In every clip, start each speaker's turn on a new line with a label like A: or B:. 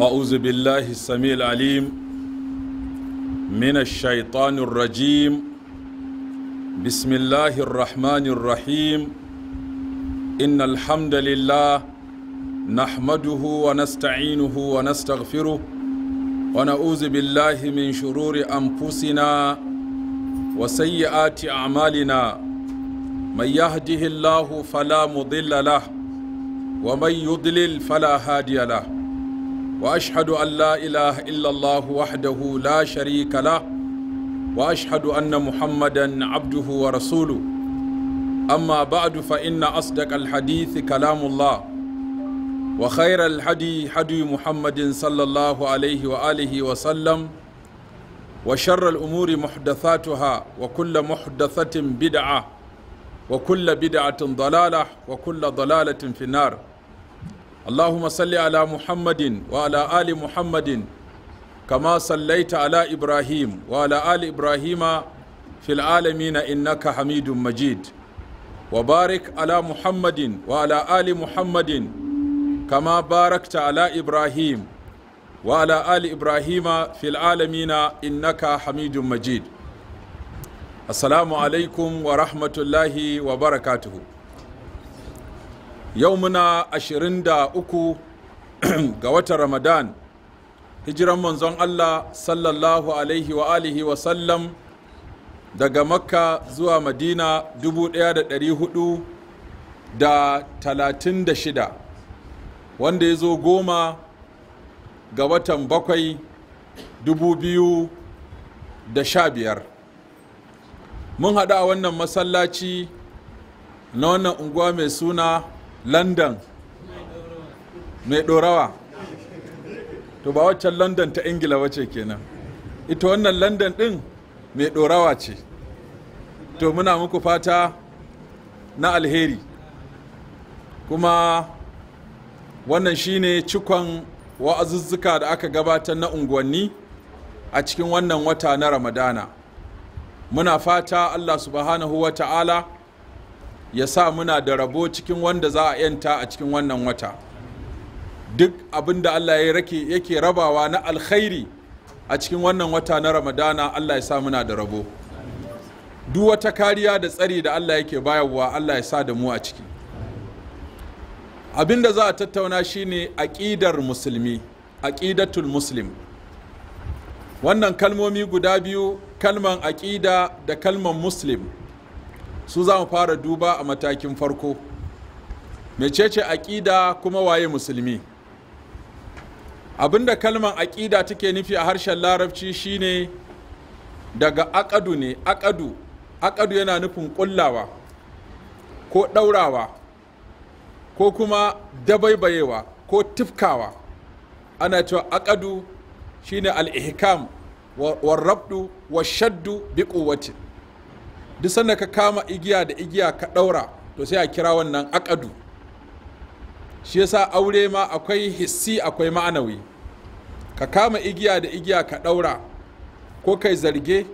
A: أعوذ بالله السميع العليم من الشيطان الرجيم بسم الله الرحمن الرحيم إن الحمد لله نحمده ونستعينه ونستغفره ونعوذ بالله من شرور أنفسنا وسيئات أعمالنا من يهده الله فلا مضل له ومن يضلل فلا هادي له واشهد ان لا اله الا الله وحده لا شريك له واشهد ان محمدا عبده ورسوله اما بعد فان اصدق الحديث كلام الله وخير الحدي حدي محمد صلى الله عليه واله وسلم وشر الامور محدثاتها وكل محدثه بدعه وكل بدعه ضلاله وكل ضلاله في النار اللهم صل على محمد وعلى آل محمد كما صليت على إبراهيم وعلى آل إبراهيم في العالمين إنك حميد مجيد وبارك على محمد وعلى آل محمد كما باركت على إبراهيم وعلى آل إبراهيم في العالمين إنك حميد مجيد السلام عليكم ورحمة الله وبركاته yau muna 23 ga watan ramadan hijiran manzon allah sallallahu alaihi wa alihi wa sallam daga makka zuwa madina 1436 wanda ya zo goma ga watan bakwai 2015 mun haɗu a wannan masallaci na wannan unguwa mai suna london mai dorawa to ba waccan london ta ingila wace kenan ita wannan london din mai dorawa ce to muna muku fata na alheri kuma wannan shine cikon wa'azuzzuka da aka gabatar na unguwanni a cikin wannan wata na ramadana muna fata allah subhanahu wa ta'ala ya sa muna da rabo cikin wanda za a yanta a cikin wannan wata duk abin da Allah yake rabawa na alkhairi a cikin wannan wata na ramadana Allah ya sa muna da rabo duk wata kariya da tsari da Allah yake bayarwa Allah ya sa da mu a ciki abin da za a tattauna shine aƙidar musulmi aƙidatul muslim wannan kalmomi guda biyu kalman aƙida da kalman muslim su za mu fara duba a matakin farko mecece aƙida kuma waye musulmi abinda kalmar aƙida take nufi a harshen larabci shine daga aƙadu ne aƙadu aƙadu yana nufin ƙullawa ko ɗaurawa ko kuma dabaibayewa ko tifkawa ana cewa aƙadu shine al-ihkam wa rabdu wa shaddu bi quwwatin duk sanda ka kama igiya da igiya ka ɗaura to sai a kira wannan akadu shi yasa aure ma akwai hissi akwai ma'anawi ka kama igiya da igiya ka ɗaura ko kai zarge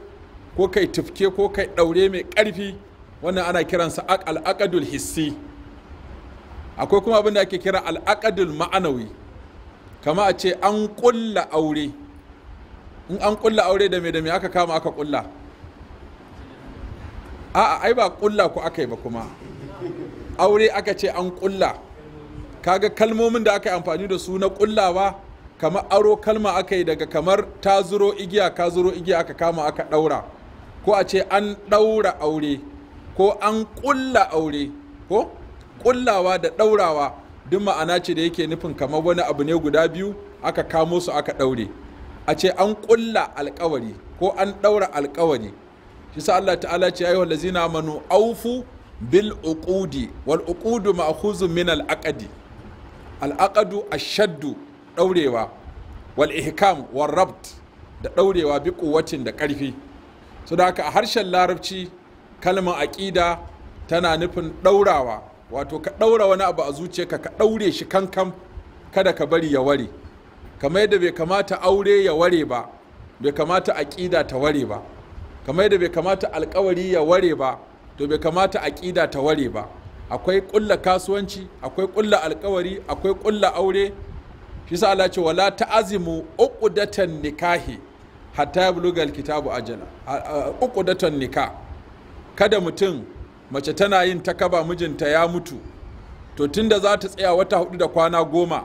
A: ko kai tufke ko kai ɗaure mai ƙarfi wannan ana kiransa al'aqadul hissi akwai kuma abin da ake kira al'aqadul ma'anawi kama a ce an ƙulla aure in an ƙulla aure da me da me aka kama aka ƙulla a'a ai ba kulla ku aka yi ba kuma aure aka ce an kulla kaga kalmomin da aka yi amfani da su na kullawa kamar aro kalma aka yi daga kamar ta zuro igiya ka zuro igiya aka kama aka daura ko a ce an daura aure ko an kulla aure ko kullawa da daurawa duk ma'ana ce da yake nufin kamar wani abu ne guda biyu aka kamo su aka daure a ce an kulla alkawari ko an daura alkawari shi sa Allah ta'ala ce ayyuhal ladzina amanu Awfu bil uqudi wal uqudu ma'khuzun min al aqdi al aqdu ashaddu daurewa wal ihkam wal rabt da daurewa bi kuwacin da karfi so da haka a harshen larabci kalmar aqida tana nufin daurawa wato ka daura wani abu a zuciyarka ka daure shi kankan kada ka bari ya ware kamar yadda bai kamata aure ya ware ba bai kamata aƙida ta ware ba kamar yadda bai kamata alkawari ya ware ba to bai kamata aƙida ta ware ba akwai ƙulla kasuwanci akwai ƙulla alkawari akwai ƙulla aure shi sa Allah ce wala ta'azimu uqdatan nikahi hatta yabluga alkitabu ajala uqdatan nikah kada mutum mace tana yin takaba mijinta ya mutu to tunda za ta tsaya wata hudu da kwana goma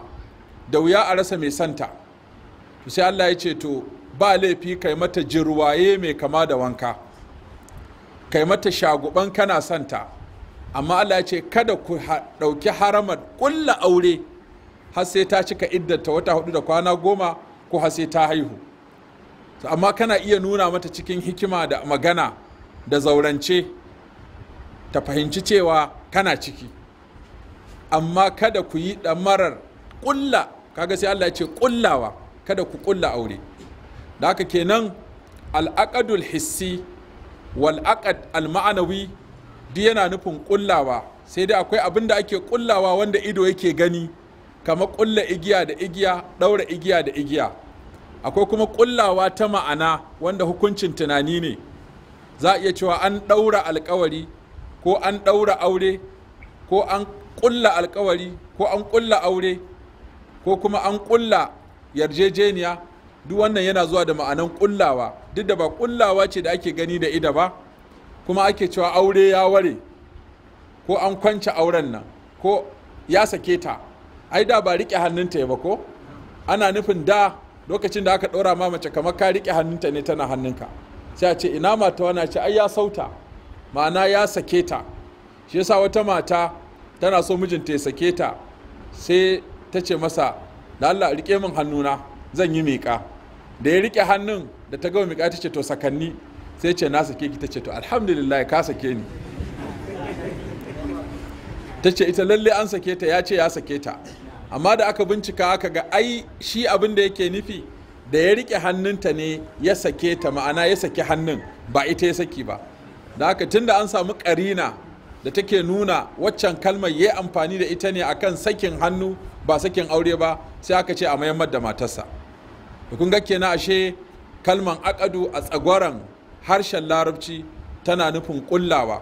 A: da wuya a rasa mai santa sai Allah ya ce to ba laifi kai mata jirwaye mai kama da wanka kai mata shaguban kana santa amma Allah ya ce kada ku ɗauki haramar ƙulla aure har sai ta cika iddata wata hudu da kwana goma ko har sai ta haihu amma kana iya nuna mata cikin hikima da magana da zaurance ta fahimci cewa kana ciki amma kada ku yi ɗamarar ƙulla kaga sai Allah ya ce ƙullawa kada ku ƙulla aure da haka kenan al'aqadul hissi wal aqad al ma'anawi duk yana nufin kullawa sai dai akwai abin da ake kullawa wanda ido yake gani kamar kulla igiya da igiya ɗaura igiya da igiya akwai kuma kullawa ta ma'ana wanda hukuncin tunani ne za a iya cewa an ɗaura alkawari ko an ɗaura aure ko an kulla alkawari ko an kulla aure ko kuma an kulla yarjejeniya duk wannan yana zuwa da ma'anan kullawa duk da ba kullawa ce da ake gani da ida ba kuma ake cewa aure ya ware ko an kwance auren nan ko ya sake ta ai da ba rike hannunta ba ko ana nufin da lokacin da aka ɗora ma mace kamar ka rike hannunta ne tana hannunka sai a ce ina mata wana ce ai ya sauta ma'ana ya sake ta shi yasa wata mata tana so mijinta ya sake ta sai ta ce masa da Allah rike min hannuna zan yi miƙa da ya riƙe hannun da ta gama miƙa ta ce to sakanni sai ce na sake ki ta ce to alhamdulillah ka sake ni ta ce ita lalle an sake ta ya ce ya sake ta amma da aka bincika aka ga ai shi abin da yake nufi da ya riƙe hannunta ne ya sake ta ma'ana ya sake hannun ba ita ya saki ba da haka tunda an samu karina da take nuna waccan kalmar ya amfani da ita ne akan sakin hannu ba sakin aure ba sai aka ce a mayammar da matarsa kun ga kenan ashe kalman akadu a tsagwaran harshen larabci tana nufin kullawa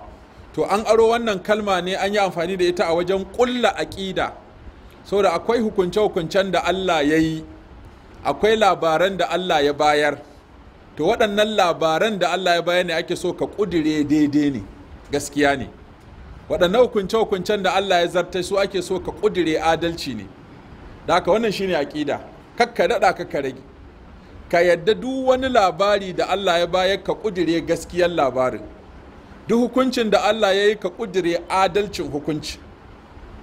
A: to an aro wannan kalma ne an yi amfani da ita a wajen kulla aƙida saboda akwai hukunce-hukuncen da Allah ya yi akwai labaran da Allah ya bayar to waɗannan labaran da Allah ya bayar ne ake so ka kudire daidai ne gaskiya ne waɗannan hukunce-hukuncen da Allah ya zarta su ake so ka kudire adalci ne da haka wannan shine aƙida kakka daɗa kakka rage ka yadda duk wani labari da Allah ya baya ka kudire gaskiyar labarin duk hukuncin da Allah ya yi ka kudire adalcin hukunci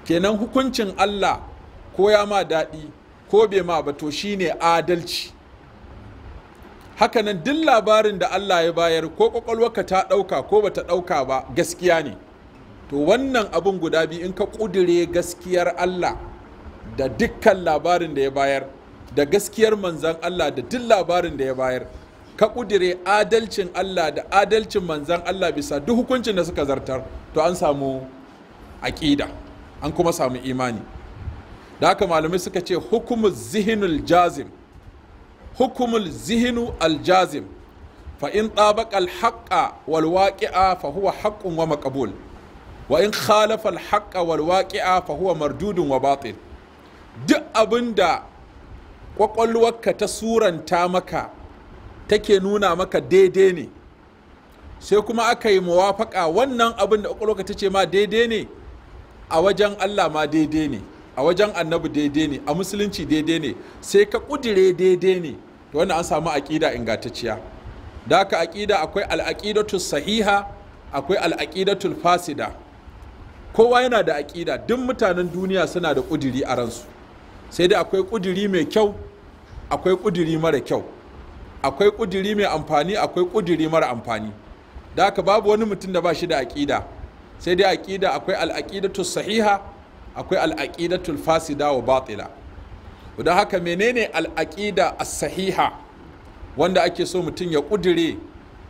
A: kenan hukuncin Allah ko ya ma daɗi ko bai ma ba to ne adalci hakanan duk labarin da Allah ya bayar ko ƙwaƙwalwarka ta ɗauka ko ba ta ɗauka ba gaskiya ne to wannan abin guda biyu in ka ƙudire gaskiyar Allah da dukkan labarin da ya bayar da gaskiyar manzan Allah da duk labarin da ya bayar ka ƙudire adalcin Allah da adalcin manzan Allah bisa duk hukuncin da suka zartar to an samu aƙida an kuma samu imani da haka malamai suka ce hukumul zihinul jazim hukumul zihinu aljazim fa in tabaq alhaqqa wal waqi'a fa huwa haqqun wa maqbul wa in khalafa alhaqqa wal waqi'a fa huwa mardudun wa batil duk abinda kwakwalwarka ta suranta maka take nuna maka daidai ne sai kuma aka yi mawafaka wannan abin da kwakwalwarka ta ce ma daidai ne a wajen Allah ma daidai ne a wajen annabi daidai ne a musulunci daidai ne sai ka ƙudire daidai ne to wannan an samu aƙida ingantacciya da aka aƙida akwai al'aƙidatul sahiha akwai al'aƙidatul fasida kowa yana da aƙida duk mutanen duniya suna da ƙudiri a ransu sai dai akwai ƙudiri mai kyau akwai ƙudiri mara kyau akwai ƙudiri mai amfani akwai ƙudiri mara amfani da haka babu wani mutum da ba shi da aƙida sai dai aƙida akwai al'aƙidatu sahiha akwai al'aƙidatu fasida wa batila da haka menene al'aƙida a sahiha wanda ake so mutum ya ƙudire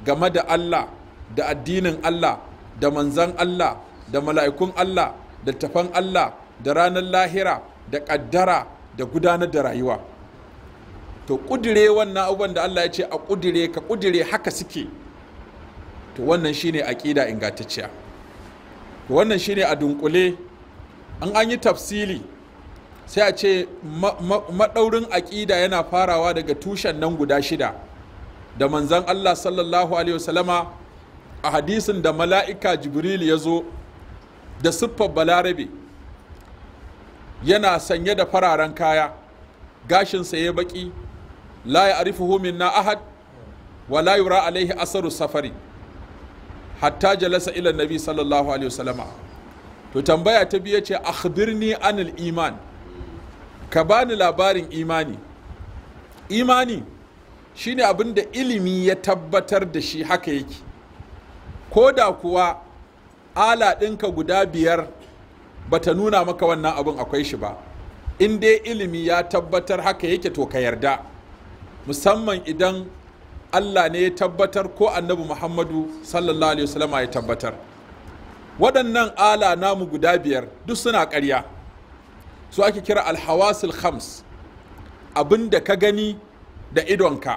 A: game da Allah da addinin Allah da manzan Allah da mala'ikun Allah da tafan Allah da ranar lahira da ƙaddara da gudanar da rayuwa to ƙudire wannan abubuwan da Allah ya ce a ƙudire ka kudire haka suke to wannan shine aƙida ingantacciya to wannan shine a dunkule an an yi tafsili sai a ce maɗaurin aƙida yana farawa daga tushen nan guda shida da manzan Allah sallallahu alaihi wasallama a hadisin da mala'ika jibril ya zo da siffar balarabe yana sanye da fararen kaya gashinsa ya baƙi la ya'rifuhu minna ahad wa la yura alaihi asaru safari hatta jalasa ila nabi sallallahu alaihi wasallama to tambaya ta biyu ce akhbirni anil iman ka bani labarin imani imani shine abin da ilimi ya tabbatar da shi haka yake ko da kuwa ala ɗinka guda biyar bata nuna maka wannan abin akwai shi ba in dai ilimi ya tabbatar haka yake to ka yarda musamman idan allah ne ya tabbatar ko annabi muhammadu sallallahu alaihi wasallama ya tabbatar waɗannan ala namu guda biyar duk suna ƙarya su ake kira alhawasul khams abin da ka gani da idonka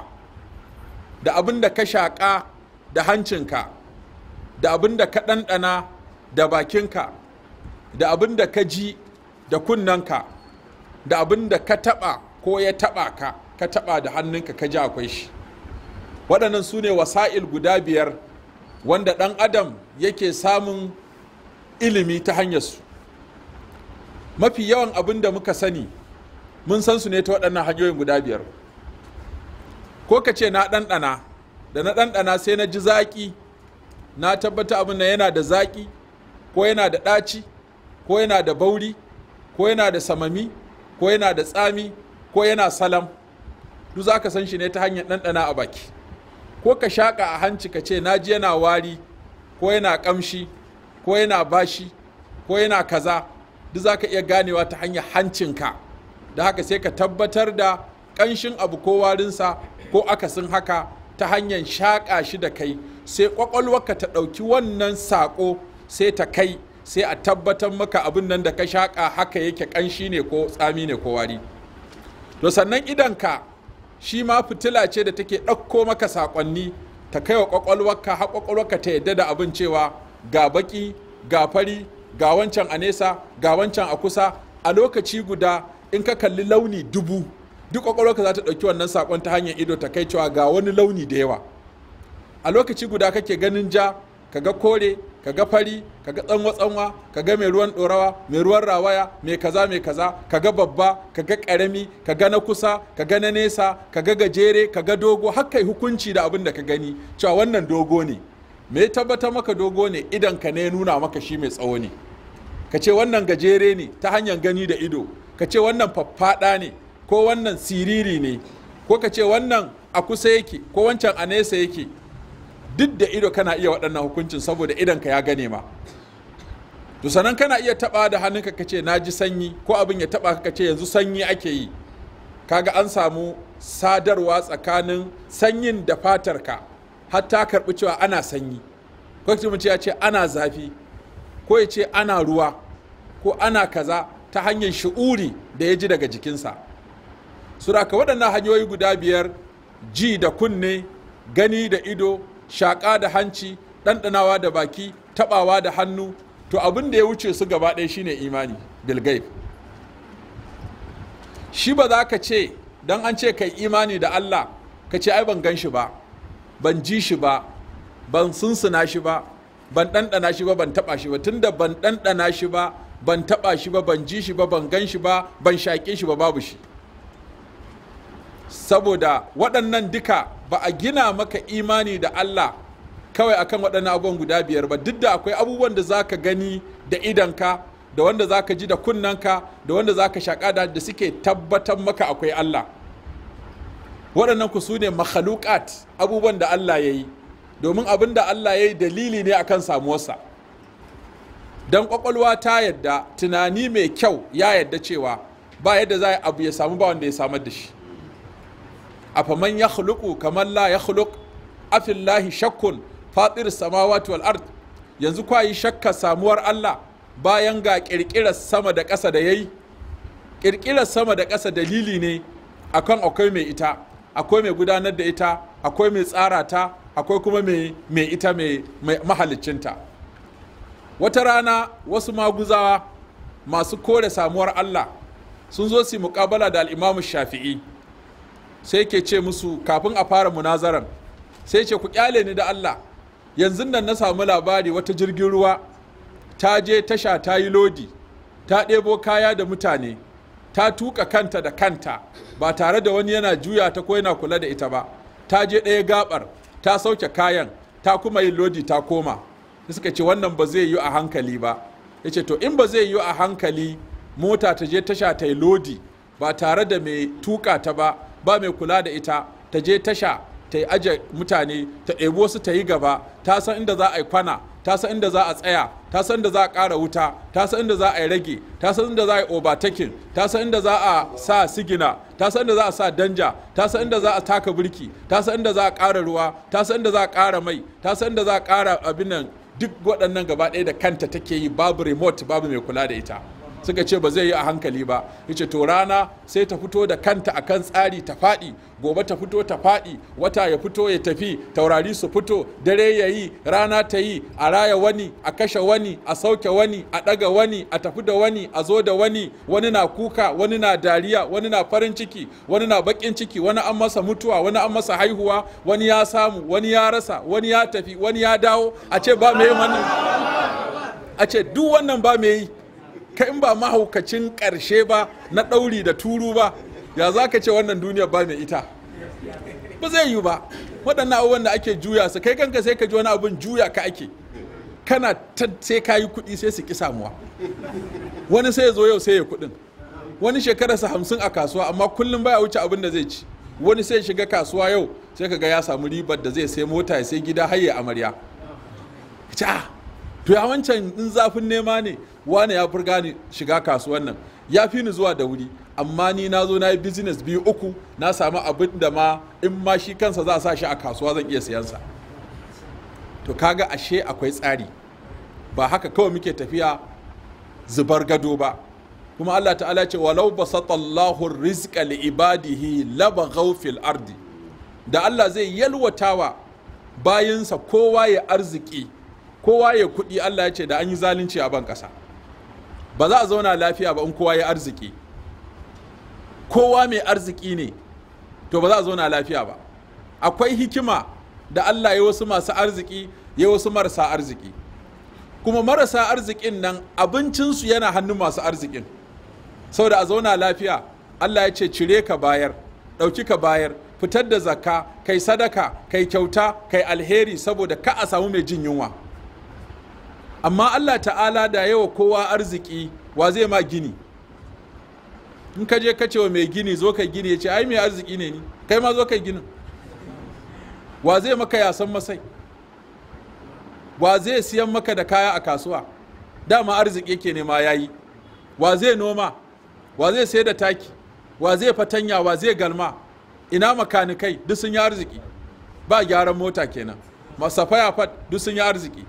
A: da abin da ka shaƙa da hancinka da abin da ka ɗanɗana da bakinka da abin da ka ji da kunnanka da abin da ka taɓa ko ya taɓa ka ka taɓa da hannunka ka ji akwai shi waɗannan su ne wasa'il guda biyar wanda ɗan adam yake samun ilimi ta hanyarsu mafi yawan abin da muka sani mun san su ne ta waɗannan hanyoyin guda biyar ko ka ce na ɗanɗana da na ɗanɗana sai na ji zaƙi na tabbata abin nan yana da zaƙi ko yana da ɗaci ko yana da bauri ko yana da samami ko yana da tsami ko yana salam duk za ka san shi ne ta hanyar ɗanɗana a baki ko ka shaƙa a hanci ka ce na ji yana wari ko yana ƙamshi ko yana bashi ko yana kaza duk za ka iya ganewa ta hanyar hancinka da haka sai ka tabbatar da ƙanshin abu ko warinsa ko akasin haka ta hanyar shaƙa shi da kai sai ƙwaƙwalwarka ta ɗauki wannan saƙo sai ta kai sai a tabbatar maka abin nan da ka shaƙa haka yake ƙanshi ne ko tsami ne ko wari to sannan idanka shi ma fitila ce da take ɗauko maka saƙonni ta kai wa ƙwaƙwalwarka har ƙwaƙwalwarka ta yadda da abin cewa ga baƙi ga fari ga wancan a nesa ga wancan a kusa a lokaci guda in ka kalli launi dubu duk ƙwaƙwalwarka za ta ɗauki wannan saƙon ta hanyar ido ta kai cewa ga wani launi da yawa a lokaci guda kake ganin ja ka ga kore ka ga fari ka ga tsanwa tsanwa ka ga mai ruwan ɗorawa mai ruwan rawaya mai kaza mai kaza ka ga babba ka ga ƙarami ka ga na kusa ka ga na nesa ka ga gajere ka ga dogo haka yi hukunci da abin da ka gani cewa wannan dogo ne me tabbata maka dogo ne idan ka ne nuna maka shi mai tsawo ne ka ce wannan gajere ne ta hanyar gani da ido ka ce wannan faffaɗa ne ko wannan siriri ne ko ka ce wannan a kusa yake ko wancan a nesa yake duk da ido kana iya waɗannan hukuncin saboda idanka ya gane ma to sanan kana iya taba da hannunka kace na ji sanyi ko abin ya taɓa ka kace yanzu sanyi ake yi kaga an samu sadarwa tsakanin sanyin da fatarka har ta karbi cewa ana sanyi ko kuma ya ce ana zafi ko ya ce ana ruwa ko ana kaza ta hanyar shi'uri da ya ji daga jikinsa suraka waɗannan hanyoyi guda biyar ji da kunne gani da ido shaƙa da hanci ɗanɗanawa da baki taɓawa da hannu to abin da ya wuce su gaba ɗaya shine imani bilgai. shi ba za ka ce don an ce kai imani da Allah ka ce ai ban gan shi ba ban ji shi ba ban sunsuna shi ba ban ɗanɗana shi ba ban taɓa shi ba tunda ban ɗanɗana shi ba ban taɓa shi ba ban ji shi ba ban gan shi ba ban shaƙe shi ba babu shi saboda waɗannan duka ba a gina maka imani da Allah kawai akan waɗannan abubuwan guda biyar ba duk da akwai abubuwan da zaka gani da idanka da wanda zaka ji da kunnanka da wanda zaka shaƙa da da suke tabbatar maka akwai Allah waɗannan ku su ne makhalukat abubuwan da Allah ya yi domin abin da Allah ya yi dalili ne akan samuwarsa don ƙwaƙwalwa ta yadda tunani mai kyau ya yadda cewa ba yadda za a abu ya samu ba wanda ya samar da shi afaman ya khuluku kamar la ya afillahi shakkun fatir samawati wal ard yanzu kwa yi shakka samuwar Allah bayan ga kirkirar sama da ƙasa da yayi kirkirar sama da ƙasa dalili ne akan akwai mai ita akwai mai gudanar da ita akwai mai tsara ta akwai kuma mai ita mai mahalicinta wata rana wasu maguzawa masu kore samuwar Allah sun zo su muƙabala da al-Imam shafi'i sai ke ce musu kafin a fara munazaran sai ce ku kyale ni da Allah yanzu nan na samu labari wata jirgin ruwa ta je tasha ta yi lodi ta ɗebo kaya da mutane ta tuka kanta da kanta ba tare da wani yana juya ta ko yana kula da ita ba ta je ɗaya gabar ta sauke kayan ta kuma yi lodi ta koma suka ce wannan ba zai yi a hankali ba ya ce to in ba zai yi a hankali mota ta je tasha ta yi lodi ba tare da mai tuka ta ba ba mai kula da ita ta je tasha ta yi aje mutane ta ɗebo su ta yi gaba ta san inda za a yi kwana ta san inda za a tsaya ta san inda za a ƙara wuta ta san inda za a yi rage ta san inda za a yi obatakin ta san inda za a sa sigina ta san inda za a sa danja ta san inda za a taka birki ta san inda za a ƙara ruwa ta san inda za a ƙara mai ta san inda za a ƙara abin nan duk waɗannan gaba ɗaya da kanta take yi babu remote babu mai kula da ita suka ce ba zai yi a hankali ba yace to rana sai ta fito da kanta akan tsari ta faɗi gobe ta fito ta faɗi wata ya fito ya tafi taurari su fito dare ya yi rana ta yi a raya wani a kashe wani a sauke wani a ɗaga wani a tafi da wani a zo da wani wani na kuka wani na dariya wani na farin ciki wani na baƙin ciki wani an masa mutuwa wani an masa haihuwa wani ya samu wani ya rasa wani ya tafi wani ya dawo a ce ba mai wannan a ce duk wannan ba mai yi ka in ba mahaukacin karshe ba na ɗauri da turu ba ya za ka ce wannan duniyar ba mai ita ba zai yi ba waɗannan abubuwan da ake juya su kai kanka sai ka ji wani abin juya ka ake kana ta sai ka yi kuɗi sai su ki samuwa wani sai ya zo yau sai ya kuɗin wani su hamsin a kasuwa amma kullum baya wuce abin da zai ci wani sai shiga kasuwa yau sai ka ga ya samu ribar da zai sai mota ya sai gida har ya amarya ci to ya wancan in zafin nema ne wane ya furga ni shiga kasuwan nan ya fi ni zuwa da wuri amma ni na zo na yi business biyu uku na samu abin da ma in ma shi kansa za a sa shi a kasuwa zan iya siyansa to kaga ashe akwai tsari ba haka kawai muke tafiya zubar gado ba kuma Allah ta'ala ce walau Allahu rizqa li ibadihi labaghaw fil ardi da Allah zai yalwatawa bayinsa kowa ya arziki kowa ya kuɗi Allah ya ce da an yi zalunci a ban ƙasa ba za a zauna lafiya ba in kowa ya arziki kowa mai arziki ne to ba za a zauna lafiya ba akwai hikima da Allah ya wasu masu arziki ya wasu marasa arziki kuma marasa arzikin nan abincinsu yana hannun masu arzikin saboda a zauna lafiya Allah ya ce cire ka bayar ɗauki ka bayar fitar da zakka kai sadaka kai kyauta kai alheri saboda ka a samu mai jin yunwa amma Allah ta'ala da yawa kowa arziki wa zai ma gini in ka je ka ce wa mai gini zo kai gini ya ce ai mai arziki ne ni kai ma zo kai ginin wa zai maka yasan masai wa zai siyan maka da kaya a kasuwa dama arziki yake ne ma yayi wa zai noma wa zai sai da taki wa zai fatanya wa zai galma ina makanikai duk sun yi arziki ba gyaran mota kenan masafaya fat duk sun yi arziki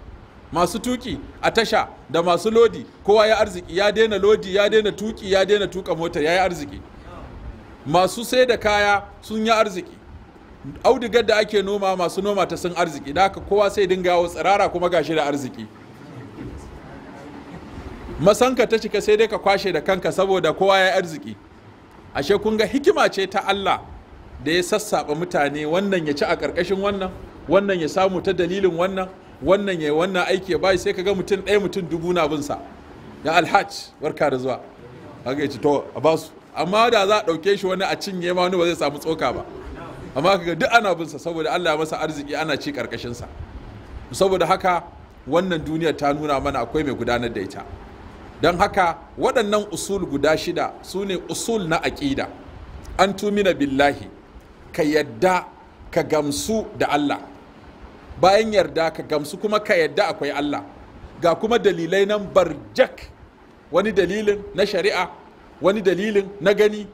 A: masu tuki a tasha da masu lodi kowa ya arziki ya daina lodi ya daina tuki ya daina tuka mota ya yi arziki masu sai da kaya sun yi arziki audigar da ake noma masu noma ta sun arziki da haka kowa sai dinga yawo tsirara kuma gashi da arziki masanka ta cika sai dai ka kwashe da kanka saboda kowa ya arziki ashe kun ga hikima ce ta Allah da ya sassaba mutane wannan ya ci a ƙarƙashin wannan wannan ya samu ta dalilin wannan wannan ya wannan aiki ya bayi sai kaga ga mutum ɗaya mutum dubu na bin sa ya alhaj barka da zuwa haka yace to a basu amma da za a ɗauke shi wani a cinye ma wani ba zai samu tsoka ba amma kaga duk ana bin sa saboda Allah ya masa arziki ana ci karkashin sa saboda haka wannan duniya ta nuna mana akwai mai gudanar da ita don haka waɗannan usul guda shida su ne usul na aƙida an tumina billahi ka yadda ka gamsu da Allah bayan yarda ka gamsu kuma ka yarda akwai Allah ga kuma dalilai nan barjak wani dalilin na shari'a wani dalilin na gani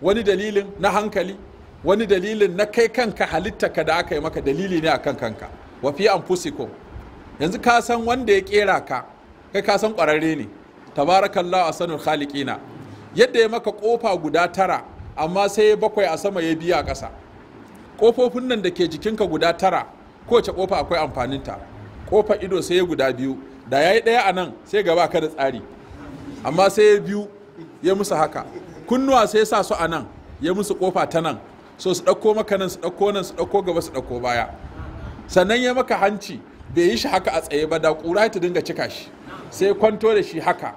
A: wani dalilin na hankali wani dalilin na kai kanka halitta ka da aka yi maka dalili ne akan kanka wa fi fusiko yanzu ka san wanda ya kera ka kai ka san kwararre ne tabarakallahu asanul khaliqina yadda ya maka kofa guda tara amma sai bakwai a sama ya biya ƙasa kofofin nan da ke jikinka guda tara kowace kofa akwai amfaninta kofar ido sai ya guda biyu da ya yi ɗaya a nan sai gaba ka da tsari amma sai ya biyu ya musu haka kunnuwa sai ya sa su a nan ya musu kofa ta nan so su ɗauko maka nan su ɗauko nan su ɗauko gaba su ɗauko baya sannan ya maka hanci bai yi shi haka a tsaye ba da kura ta dinga cika shi sai kwanto da shi haka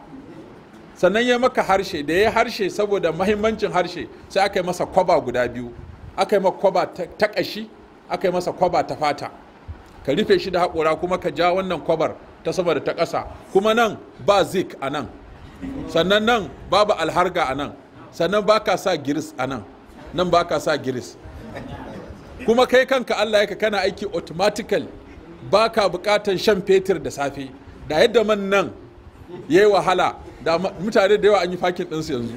A: sannan ya maka harshe da ya harshe saboda mahimmancin harshe sai aka yi masa kwaba guda biyu aka yi maka kwaba ta ƙashi aka yi masa kwaba ta fata ka rufe shi da haƙura kuma ka ja wannan kwabar ta sama da ta ƙasa kuma nan ba zik a nan sannan nan babu alharga a nan sannan ba ka sa giris a nan nan ba ka sa giris kuma kai kanka allah ya ka kana aiki automatically ba ka buƙatar shan fetur da safe da yadda man nan ya yi wahala da mutane da yawa an yi fakin ɗinsu yanzu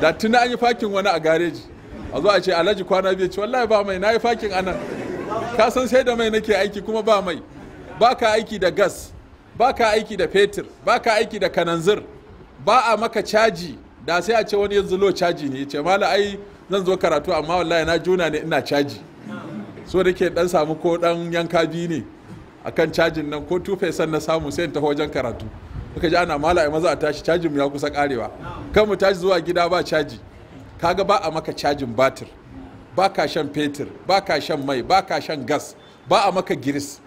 A: da tuna an yi fakin wani a gareji a zo a ce alhaji kwana biyu ce wallahi ba mai na yi fakin anan ka san sai da mai nake aiki kuma ba mai ba ka aiki da gas ba ka aiki da fetur ba ka aiki da kananzir ba a maka caji da sai a ce wani yanzu lo caji ne ce mala ai zan zo karatu amma wallahi na juna ne ina caji so da ke dan samu ko dan yanka biyu ne akan cajin nan ko tufe san na samu sai in taho wajen karatu muka ji ana mala ai maza a tashi cajin mu ya kusa karewa kan mu tashi zuwa gida ba caji Ka ga ba a maka cajin batir ba ka shan fetur ba ka shan mai ba ka shan gas ba a maka giris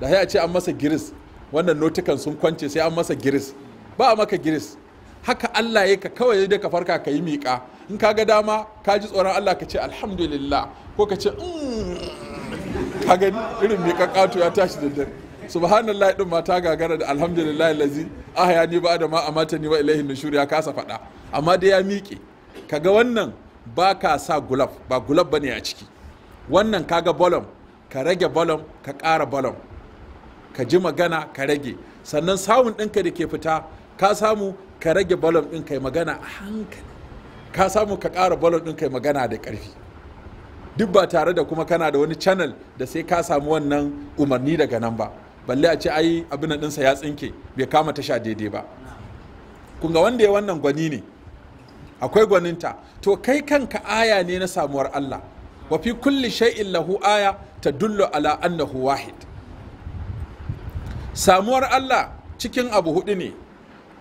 A: da ya ce an masa giris wannan notikan sun kwance sai an masa giris ba a maka giris haka Allah ya ka kawai da ka farka ka yi miƙa in ka ga dama ka ji tsoron Allah ka ce alhamdulillah ko ka ce mm. ka ga irin miƙa ƙato ya tashi da dare subhanallah din ɗumma ta gagara da alhamdulillah lazi ahaya ni ba da ma amata ni wa na nushur ya kasa faɗa amma dai ya miƙe kaga wannan ba ka sa gulab ba gulab ba ne a ciki wannan kaga bolon ka rage bolon ka ƙara bolon ka ji magana ka rage sannan samun ɗinka da ke fita ka samu ka rage bolon ɗin kai magana a hankali ka samu ka ƙara bolon ɗin kai magana da ƙarfi duk ba tare da kuma kana da wani channel da sai ka samu wannan umarni daga nan ba balle a ce ai abin ɗinsa ya tsinke bai kama tasha daidai ba kun ga wanda ya wannan gwani ne akwai gwaninta to kai kanka aya ne na samuwar Allah wa fi kulli shay'in lahu aya dullo ala annahu wahid samuwar Allah cikin abu hudu ne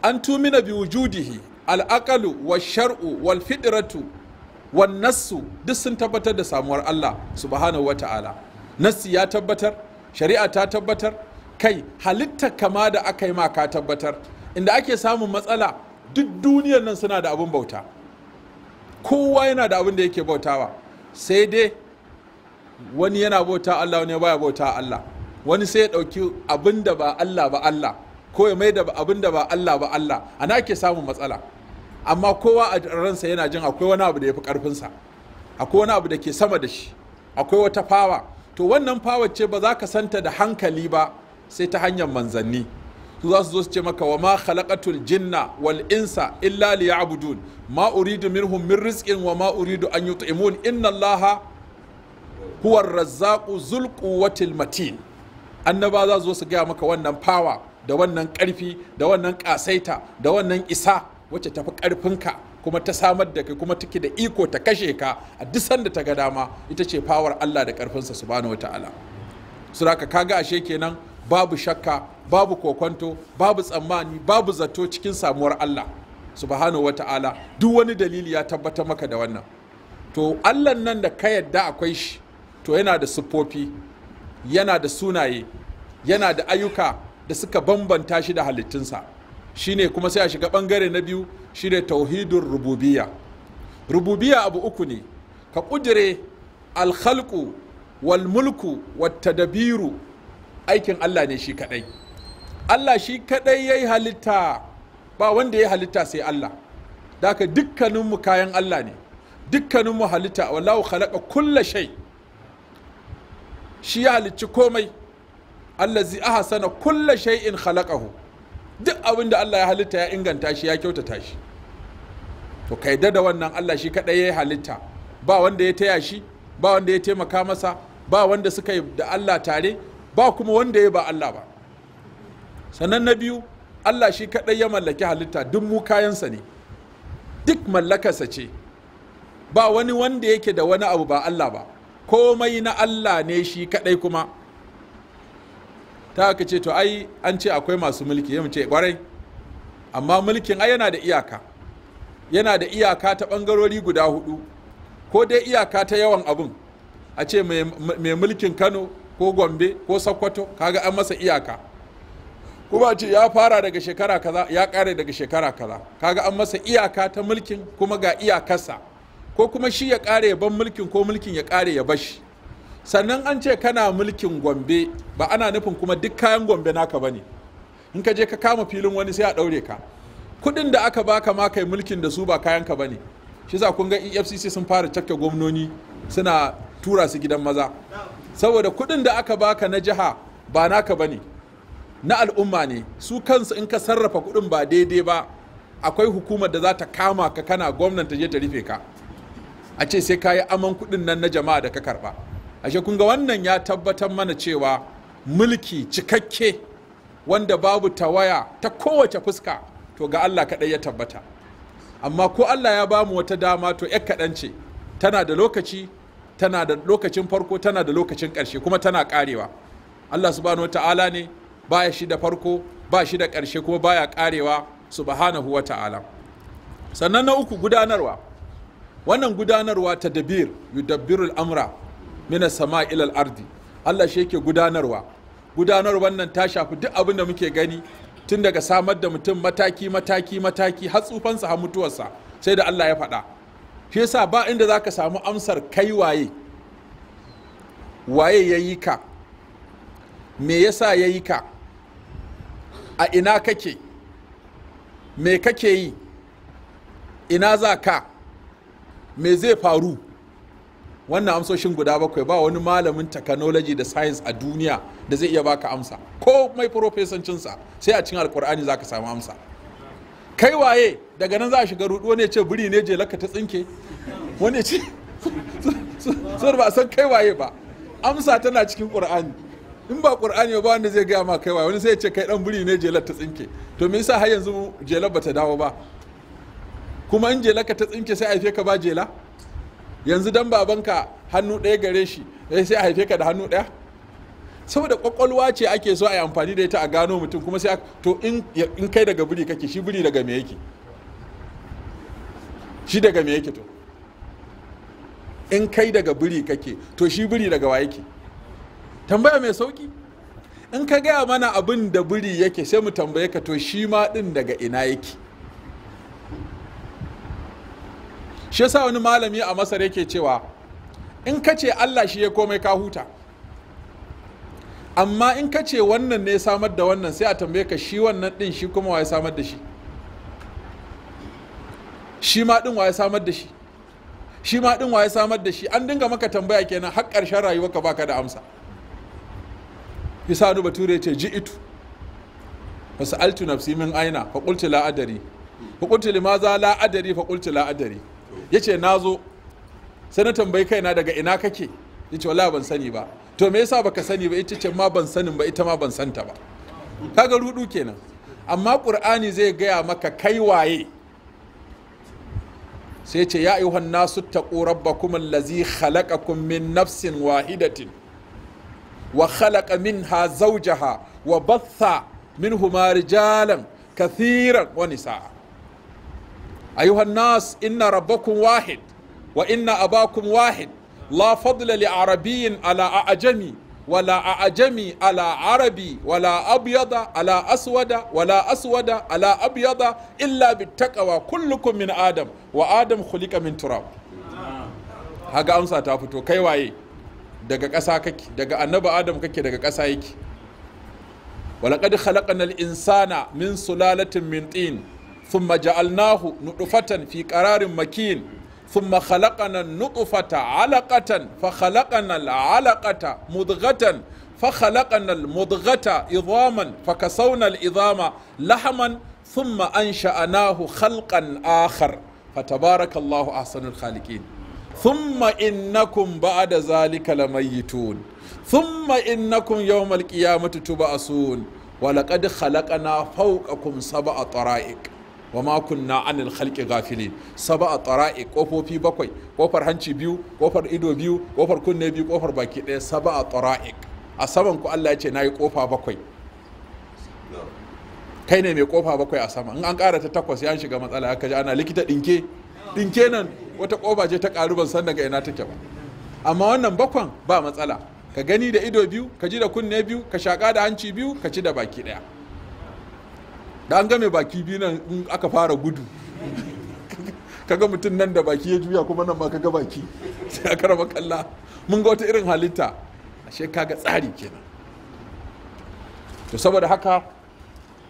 A: an tumina bi wujudihi al'aqalu wa shar'u wal fitratu wan nassu duk sun tabbatar da samuwar Allah subhanahu wata'ala nassi ya tabbatar shari'a ta tabbatar kai halitta kama da aka yi ma ka tabbatar inda ake samun matsala duk duniyar nan suna da abin bauta kowa yana da abin da yake bautawa sai dai wani yana bauta Allah wani baya bauta Allah wani sai ya ɗauki abin da ba Allah ba Allah ko ya mai da abin da ba Allah ba Allah ana ke samun matsala amma kowa a ransa yana jin akwai wani abu da ya fi karfinsa akwai wani abu da ke sama da shi akwai wata fawa to wannan fawa ce ba za ka santa da hankali ba sai ta hanyar manzanni su za su zo su ce maka wa ma khalaqatul jinna wal insa illa liya'budun ma uridu minhum min rizqin wa ma uridu an yut'imun inna allaha huwa ar-razzaqu zul quwwatil matin annaba za su zo su gaya maka wannan fawa da wannan karfi da wannan kasaita da wannan isa wacce tafi karfinka kuma ta samar da kai kuma take da iko ta kashe ka a duk sanda ta ga dama ita ce fawar Allah da karfinsa subhanahu wataala sura ka kaga ashe kenan babu shakka babu kokonto babu tsammani babu zato cikin samuwar Allah subhanahu wata'ala duk wani dalili ya tabbatar maka da wannan to Allah nan da ka yadda akwai shi to yana da siffofi yana da sunaye yana da ayyuka da suka bambanta shi da halittunsa shine kuma sai a shiga bangare na biyu shine tauhidun Rububiya. rububiyya abu uku ne ka kudire alkhalku wal mulku wat aikin Allah ne shi kadai Allah shi kadai yi halitta ba wanda ya halitta sai Allah daka dukkaninmu kayan Allah ne dukkaninmu halitta wallahu khalaqa kulla shay shi ya halicci komai allazi ahsana kulla shay'in khalaqahu duk abin da Allah ya halitta ya inganta shi ya kyautata shi to kaida da wannan Allah shi kadai yi halitta ba wanda ya taya shi ba wanda ya taimaka masa ba wanda suka yi da Allah tare ba kuma wanda ya ba Allah ba sannan na biyu Allah shi kaɗai ya mallaki halitta duk mu kayansa ne duk mallakarsa ce ba wani wanda yake da wani abu ba Allah ba komai na Allah ne shi kaɗai kuma ta haka ce to ai an ce akwai masu mulki ya ce kwarai amma mulkin ai yana da iyaka yana da iyaka ta ɓangarori guda hudu ko dai iyaka ta yawan abun a ce mai mulkin kano ko gombe ko sokoto kaga an masa iyaka kuma ce ya fara daga shekara kaza ya kare daga shekara kaza kaga an masa iyaka ta mulkin kuma ga iyakarsa ko kuma shi ya kare ya ban mulkin ko mulkin ya kare ya bashi sannan an ce kana mulkin gombe ba ana nufin kuma duk kayan gombe naka bane in ka je ka kama filin wani sai a daure ka kudin da aka baka ma kai mulkin da su ba kayan ka bane shi za kun ga EFCC sun fara cakke gwamnoni suna tura su gidan maza saboda kuɗin da aka baka na jiha ba naka bane na al'umma ne su kansu in ka sarrafa kuɗin ba daidai ba akwai hukumar da za ta kama ka kana gwamnan ta je ta rufe ka a ce sai ka yi aman kuɗin nan na jama'a da ka karɓa ashe kun ga wannan ya tabbatar mana cewa mulki cikakke wanda babu tawaya ta kowace fuska to ga Allah kaɗai ya tabbata amma ko Allah ya bamu wata dama to 'yar kaɗan ce tana da lokaci tana da lokacin farko tana da lokacin ƙarshe kuma tana ƙarewa Allah subhanahu ta'ala ne baya shi da farko ba shi da ƙarshe kuma baya ƙarewa subhanahu wa ta'ala sannan na uku gudanarwa wannan gudanarwa ta dabir yudabbirul amra mina sama ilal ardi Allah shi yake gudanarwa gudanar wannan ta shafi duk abin da muke gani tun daga samar da mutum mataki mataki mataki har tsufansa har mutuwarsa sai da Allah ya faɗa shi yasa ba inda za ka samu amsar kai waye waye ya yi ka me yasa ya yi ka a ina kake me kake yi ina za ka me zai faru wannan amsoshin guda bakwai ba wani malamin technology da science a duniya da zai iya baka amsa ko mai profesancinsa sai a cikin alkur'ani za ka samu amsa kai waye daga nan za a shiga rudu wani ya ce buri ne je laka ta tsinke wani ya ce sun ba san kai waye ba amsa tana cikin ƙur'ani in ba ƙur'ani ba wanda zai gaya ma kai waye wani sai ya ce kai dan biri ne jelar ta tsinke to me yasa har yanzu jelar bata dawo ba kuma in jelar ka ta tsinke sai a haife ka ba jela yanzu dan babanka hannu ɗaya gare shi eh, sai a haife ka da hannu ɗaya saboda kwakwalwa ce ake so a yi amfani da ita a gano mutum kuma sai to in kai daga biri kake shi biri daga me yake shi daga me yake to in kai daga biri kake to shi biri daga wa yake tambaya mai sauki in ka gaya mana abin da biri yake sai mu tambaye ka to shi ma din daga ina yake shi yasa wani malami a masar yake cewa in ka ce allah shi ya komai ka huta amma in ka ce wannan ne samar da wannan sai a tambaye ka shi wannan din shi kuma waye samar da shi shi ma din waye samar da shi shi ma din waye samar da shi an dinga maka tambaya kenan har ƙarshen rayuwarka baka da amsa hisanu bature ce ji itu wasu altu nafsi min aina fa qultu la adari fa qultu limaza la adari fa qultu la adari yace nazo sai na tambayi kaina daga ina kake yace wallahi ban sani ba to me yasa baka sani ba ita ce ma ban sanin ba ita ma ban santa ba kaga rudu kenan amma qur'ani zai gaya maka kai waye sai ce ya ayyuhan nasu taqu rabbakum allazi khalaqakum min nafsin wahidatin wa khalaqa minha zawjaha wa batha minhuma rijalan kathiran wa nisaa ayyuhan nas inna rabbakum wahid wa inna abakum wahid la fadla li arabiyyin ala ajami wala a ajami ala arabi wala abyada ala aswada wala aswada ala abyada illa bittaqwa kullukum adam wa adam khuliqa min turab haga amsa ta fito kai waye daga ƙasa kake daga annabi adam kake daga ƙasa yake walaqad khalaqnal insana min sulalatin min tin thumma ja'alnahu nutfatan fi qararin makiyin. ثم خلقنا النطفة علقة فخلقنا العلقة مضغة فخلقنا المضغة عظاما فكسونا العظام لحما ثم أنشأناه خلقا آخر فتبارك الله أحسن الخالقين ثم إنكم بعد ذلك لميتون ثم إنكم يوم القيامة تبعثون ولقد خلقنا فوقكم سبع طرائق wa ma kunna anil khalqi ghafilin sab'a tara'i kofofi bakwai kofar hanci biyu kofar ido biyu kofar kunne biyu kofar baki daya sab'a tara'i a saman ku Allah ya ce nayi kofa bakwai kai ne mai kofa bakwai a sama in an ƙara ta takwas ya shiga matsala aka ji ana likita ɗinke ɗinke nan wata ƙofa ce ta ƙaru ban san daga ina take ba amma wannan bakwan ba matsala ka gani da ido biyu ka ji da kunne biyu ka shaƙa da hanci biyu ka ci da baki ɗaya da an game baki biyu nan in aka fara gudu kaga mutum nan da baki ya juya kuma nan ma kaga baki sai aka raba kalla mun ga wata irin halitta ashe kaga tsari kenan to saboda haka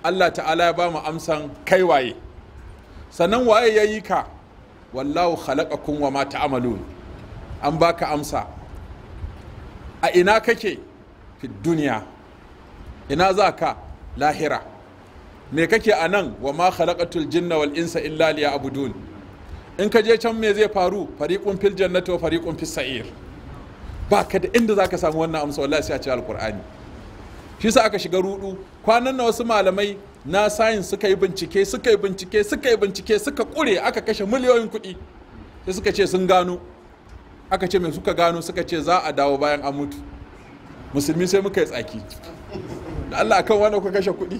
A: Allah ta'ala ya ba mu amsan kai waye sannan waye ya yi ka wallahu khalaqakum wa ma ta'malun an baka amsa a ina kake fi duniya ina za ka lahira me kake a nan wa ma khalaqatul jinna wal insa illa liya'budun in ka je can me zai faru fariqun fil jannati wa fariqun fis sa'ir ba ka da inda zaka samu wannan amsa wallahi sai a ce alqur'ani shi sa aka shiga rudu kwanan na wasu malamai na science suka yi bincike suka yi bincike suka yi bincike suka kure aka kashe miliyoyin kuɗi sai suka ce sun gano aka ce me suka gano suka ce za a dawo bayan an mutu musulmi sai muka yi tsaki da Allah akan wani kuka kashe kuɗi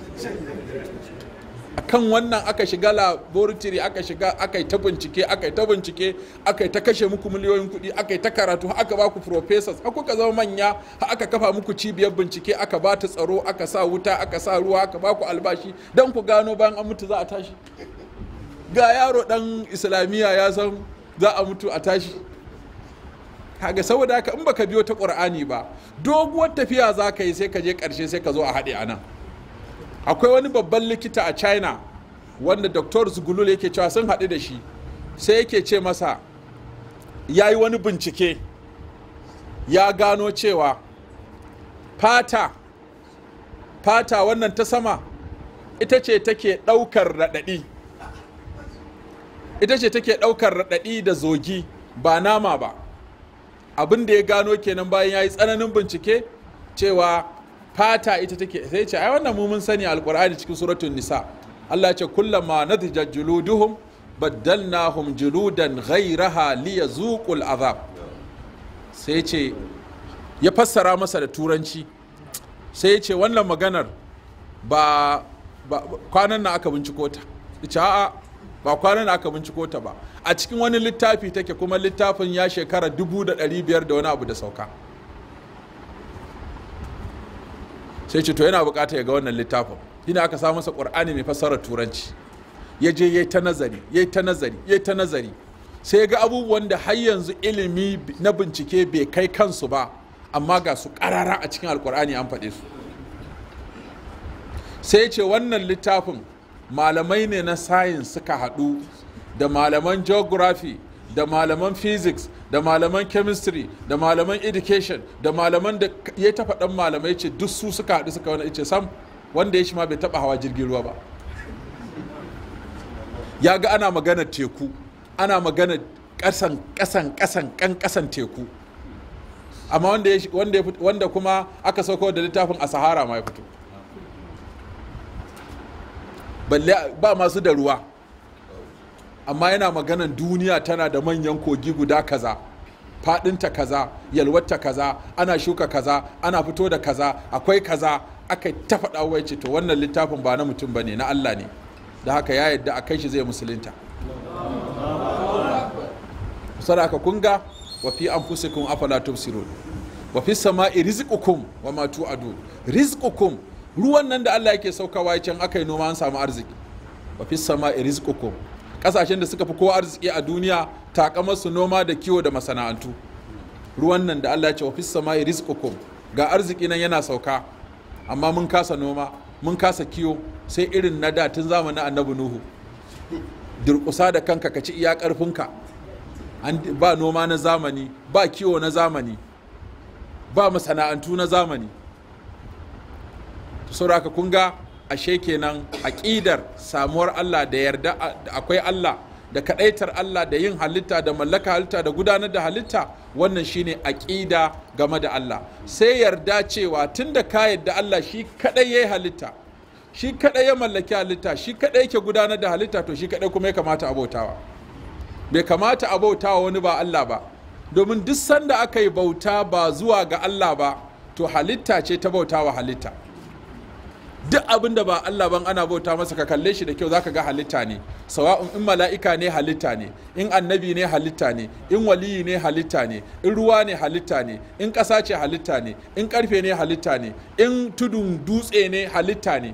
A: kan wannan aka shiga laboratory aka shiga aka yi ta bincike aka yi ta bincike aka yi ta kashe muku miliyoyin kuɗi aka yi ta karatu har aka baku professors har kuka zama manya aka kafa muku cibiyar bincike aka ba ta tsaro aka sa wuta aka sa ruwa aka baku albashi don ku gano bayan an mutu za a tashi ga yaro dan islamiyya ya san za a mutu a tashi kaga saboda haka in baka biyo ta qur'ani ba doguwar tafiya za ka yi sai ka je karshe sai ka zo a haɗe a nan akwai wani babban likita a china wanda dr zugulul yake cewa sun haɗu da shi sai yake ce masa ya yi wani bincike ya gano cewa fata fata wannan ta sama ita ce take ɗaukar raɗaɗi ita ce take ɗaukar raɗaɗi da zogi ba nama ba abin da ya gano kenan bayan ya yi tsananin bincike cewa fata ita take sai ce ai wannan mu mun sani alqur'ani cikin suratul nisa Allah ya ce kullama natijat juluduhum baddalnahum juludan ghayraha liyazuqul azab sai ce ya fassara masa da turanci sai ce wannan maganar ba, kwanan na aka binciko ta ce a'a ba kwanan na aka binciko ta ba a cikin wani littafi take kuma littafin ya shekara dubu biyar da wani abu da sauka sai ce to yana bukata ya ga wannan littafin shine aka samu masa qur'ani mai fassarar turanci ya je yayi ta nazari yayi ta nazari yayi ta nazari sai ga abubuwan da har yanzu ilimi na bincike bai kai kansu ba amma ga su karara a cikin alkur'ani an faɗe su sai ce wannan littafin malamai ne na science suka haɗu da malaman geography da malaman physics da malaman chemistry da malaman education da malaman da ya taɓa ɗan malamai ce duk su suka haɗu suka wani ce sam wanda ya shi ma bai taɓa hawa jirgin ruwa ba ya ga ana maganar teku ana maganar ƙasan ƙasan ƙasan ƙan ƙasan teku amma wanda kuma aka sauko da littafin a sahara ma ya fito balle ba masu da ruwa amma yana maganan duniya tana da manyan kogi guda kaza faɗinta kaza yalwata kaza ana shuka kaza ana fito da kaza akwai kaza aka ta faɗa ce to wannan littafin ba na mutum ba na Allah ne da haka ya yadda a kai shi zai musulunta sadaka kun ga wa fi anfusikum afala tubsirun wa fi sama'i rizqukum wa ma tu'adu rizqukum ruwan nan da Allah yake saukawa can aka yi noma an samu arziki wa fi sama'i rizqukum kasashen da suka fi kowa arziki a duniya takamar su noma da kiwo da masana'antu ruwan nan da Allah ya ce ofis samai rizqukum ga arziki nan yana sauka amma mun kasa noma mun kasa kiwo sai irin na da tun zamanin annabi nuhu durkusa da kanka ka ci iya karfinka ba noma na zamani ba kiwo na zamani ba masana'antu na zamani saboda kun ga ashe kenan aƙidar samuwar Allah da yarda akwai Allah da kaɗaitar Allah da yin halitta da mallaka halitta da gudanar da halitta wannan shine aƙida game da Allah sai yarda cewa tun da ka yarda Allah shi kaɗai ya halitta shi kaɗai ya mallaki halitta shi kaɗai ke gudanar da halitta to shi kaɗai kuma ya kamata abautawa bai kamata abautawa wani ba Allah ba domin duk sanda aka yi bauta ba zuwa ga Allah ba to halitta ce ta bautawa halitta duk abin da ba Allah ban ana bauta masa ka kalle shi da kyau zaka ga halitta ne sawa'un in mala'ika ne halitta ne in annabi ne halitta ne in waliyi ne halitta ne in ruwa ne halitta ne in ƙasa ce halitta ne in ƙarfe ne halitta ne in tudun dutse ne halitta ne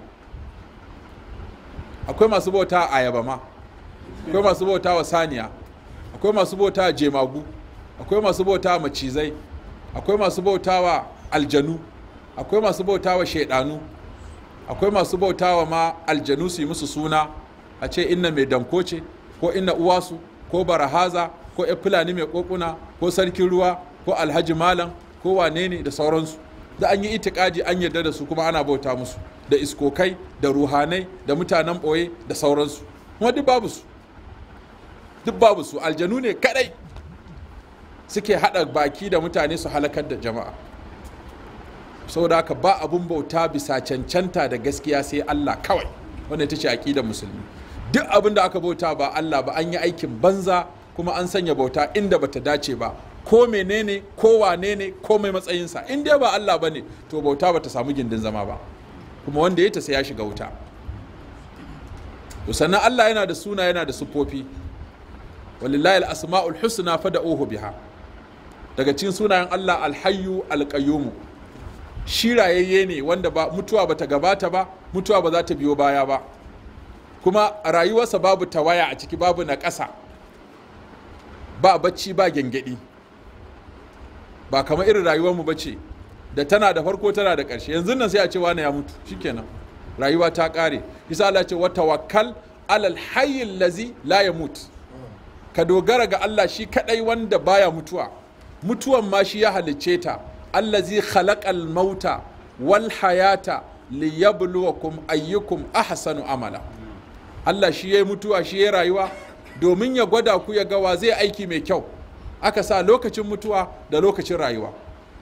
A: akwai masu bauta ayaba ma akwai masu bauta wa saniya akwai masu bauta jemagu akwai masu bauta macizai akwai masu bauta wa aljanu akwai masu bauta wa shaidanu akwai masu bautawa ma aljanu su yi musu suna a ce inna mai damkoce ko inna uwasu ko barahaza ko ya fulani mai kokuna ko sarkin ruwa ko alhaji malam ko wane ne da sauransu da an yi itikadi an yarda da su kuma ana bauta musu da iskokai da ruhanai da mutanen ɓoye da sauransu kuma duk babu su duk babu su aljanu ne kadai suke haɗa baki da mutane su halakar da jama'a saboda haka ba abun bauta bisa cancanta da gaskiya sai Allah kawai wanda ita ce aƙidar musulmi duk abin da aka bauta ba Allah ba an yi aikin banza kuma an sanya bauta inda bata dace ba ko menene ko wane ne ko mai matsayinsa in dai ba Allah ba ne to bauta bata samu gindin zama ba kuma wanda ya ta sai ya shiga wuta to sannan Allah yana da suna yana da sufofi walillahi al-asma'ul husna fad'uhu biha daga cikin sunayen Allah alhayyu hayyu shi rayayye ne wanda ba mutuwa bata gabata ba mutuwa ba za ta biyo baya ba kuma rayuwarsa babu tawaya a ciki babu na ƙasa ba bacci ba gyangyaɗi ba kamar irin rayuwar mu ce da tana da farko tana da ƙarshe yanzu nan sai a ce wani ya mutu shikenan rayuwa ta ƙare isa Allah ce wata wakal alal hayyin lazi la ya mutu ka dogara ga Allah shi kaɗai wanda baya mutuwa mutuwan ma shi ya halicce ta allazi khalaqal mauta wal hayata liyabluwakum ayyukum ahsanu amala Allah shi yayi mutuwa shi yayi rayuwa domin ya gwada ku ya ga wa zai aiki mai kyau aka sa lokacin mutuwa da lokacin rayuwa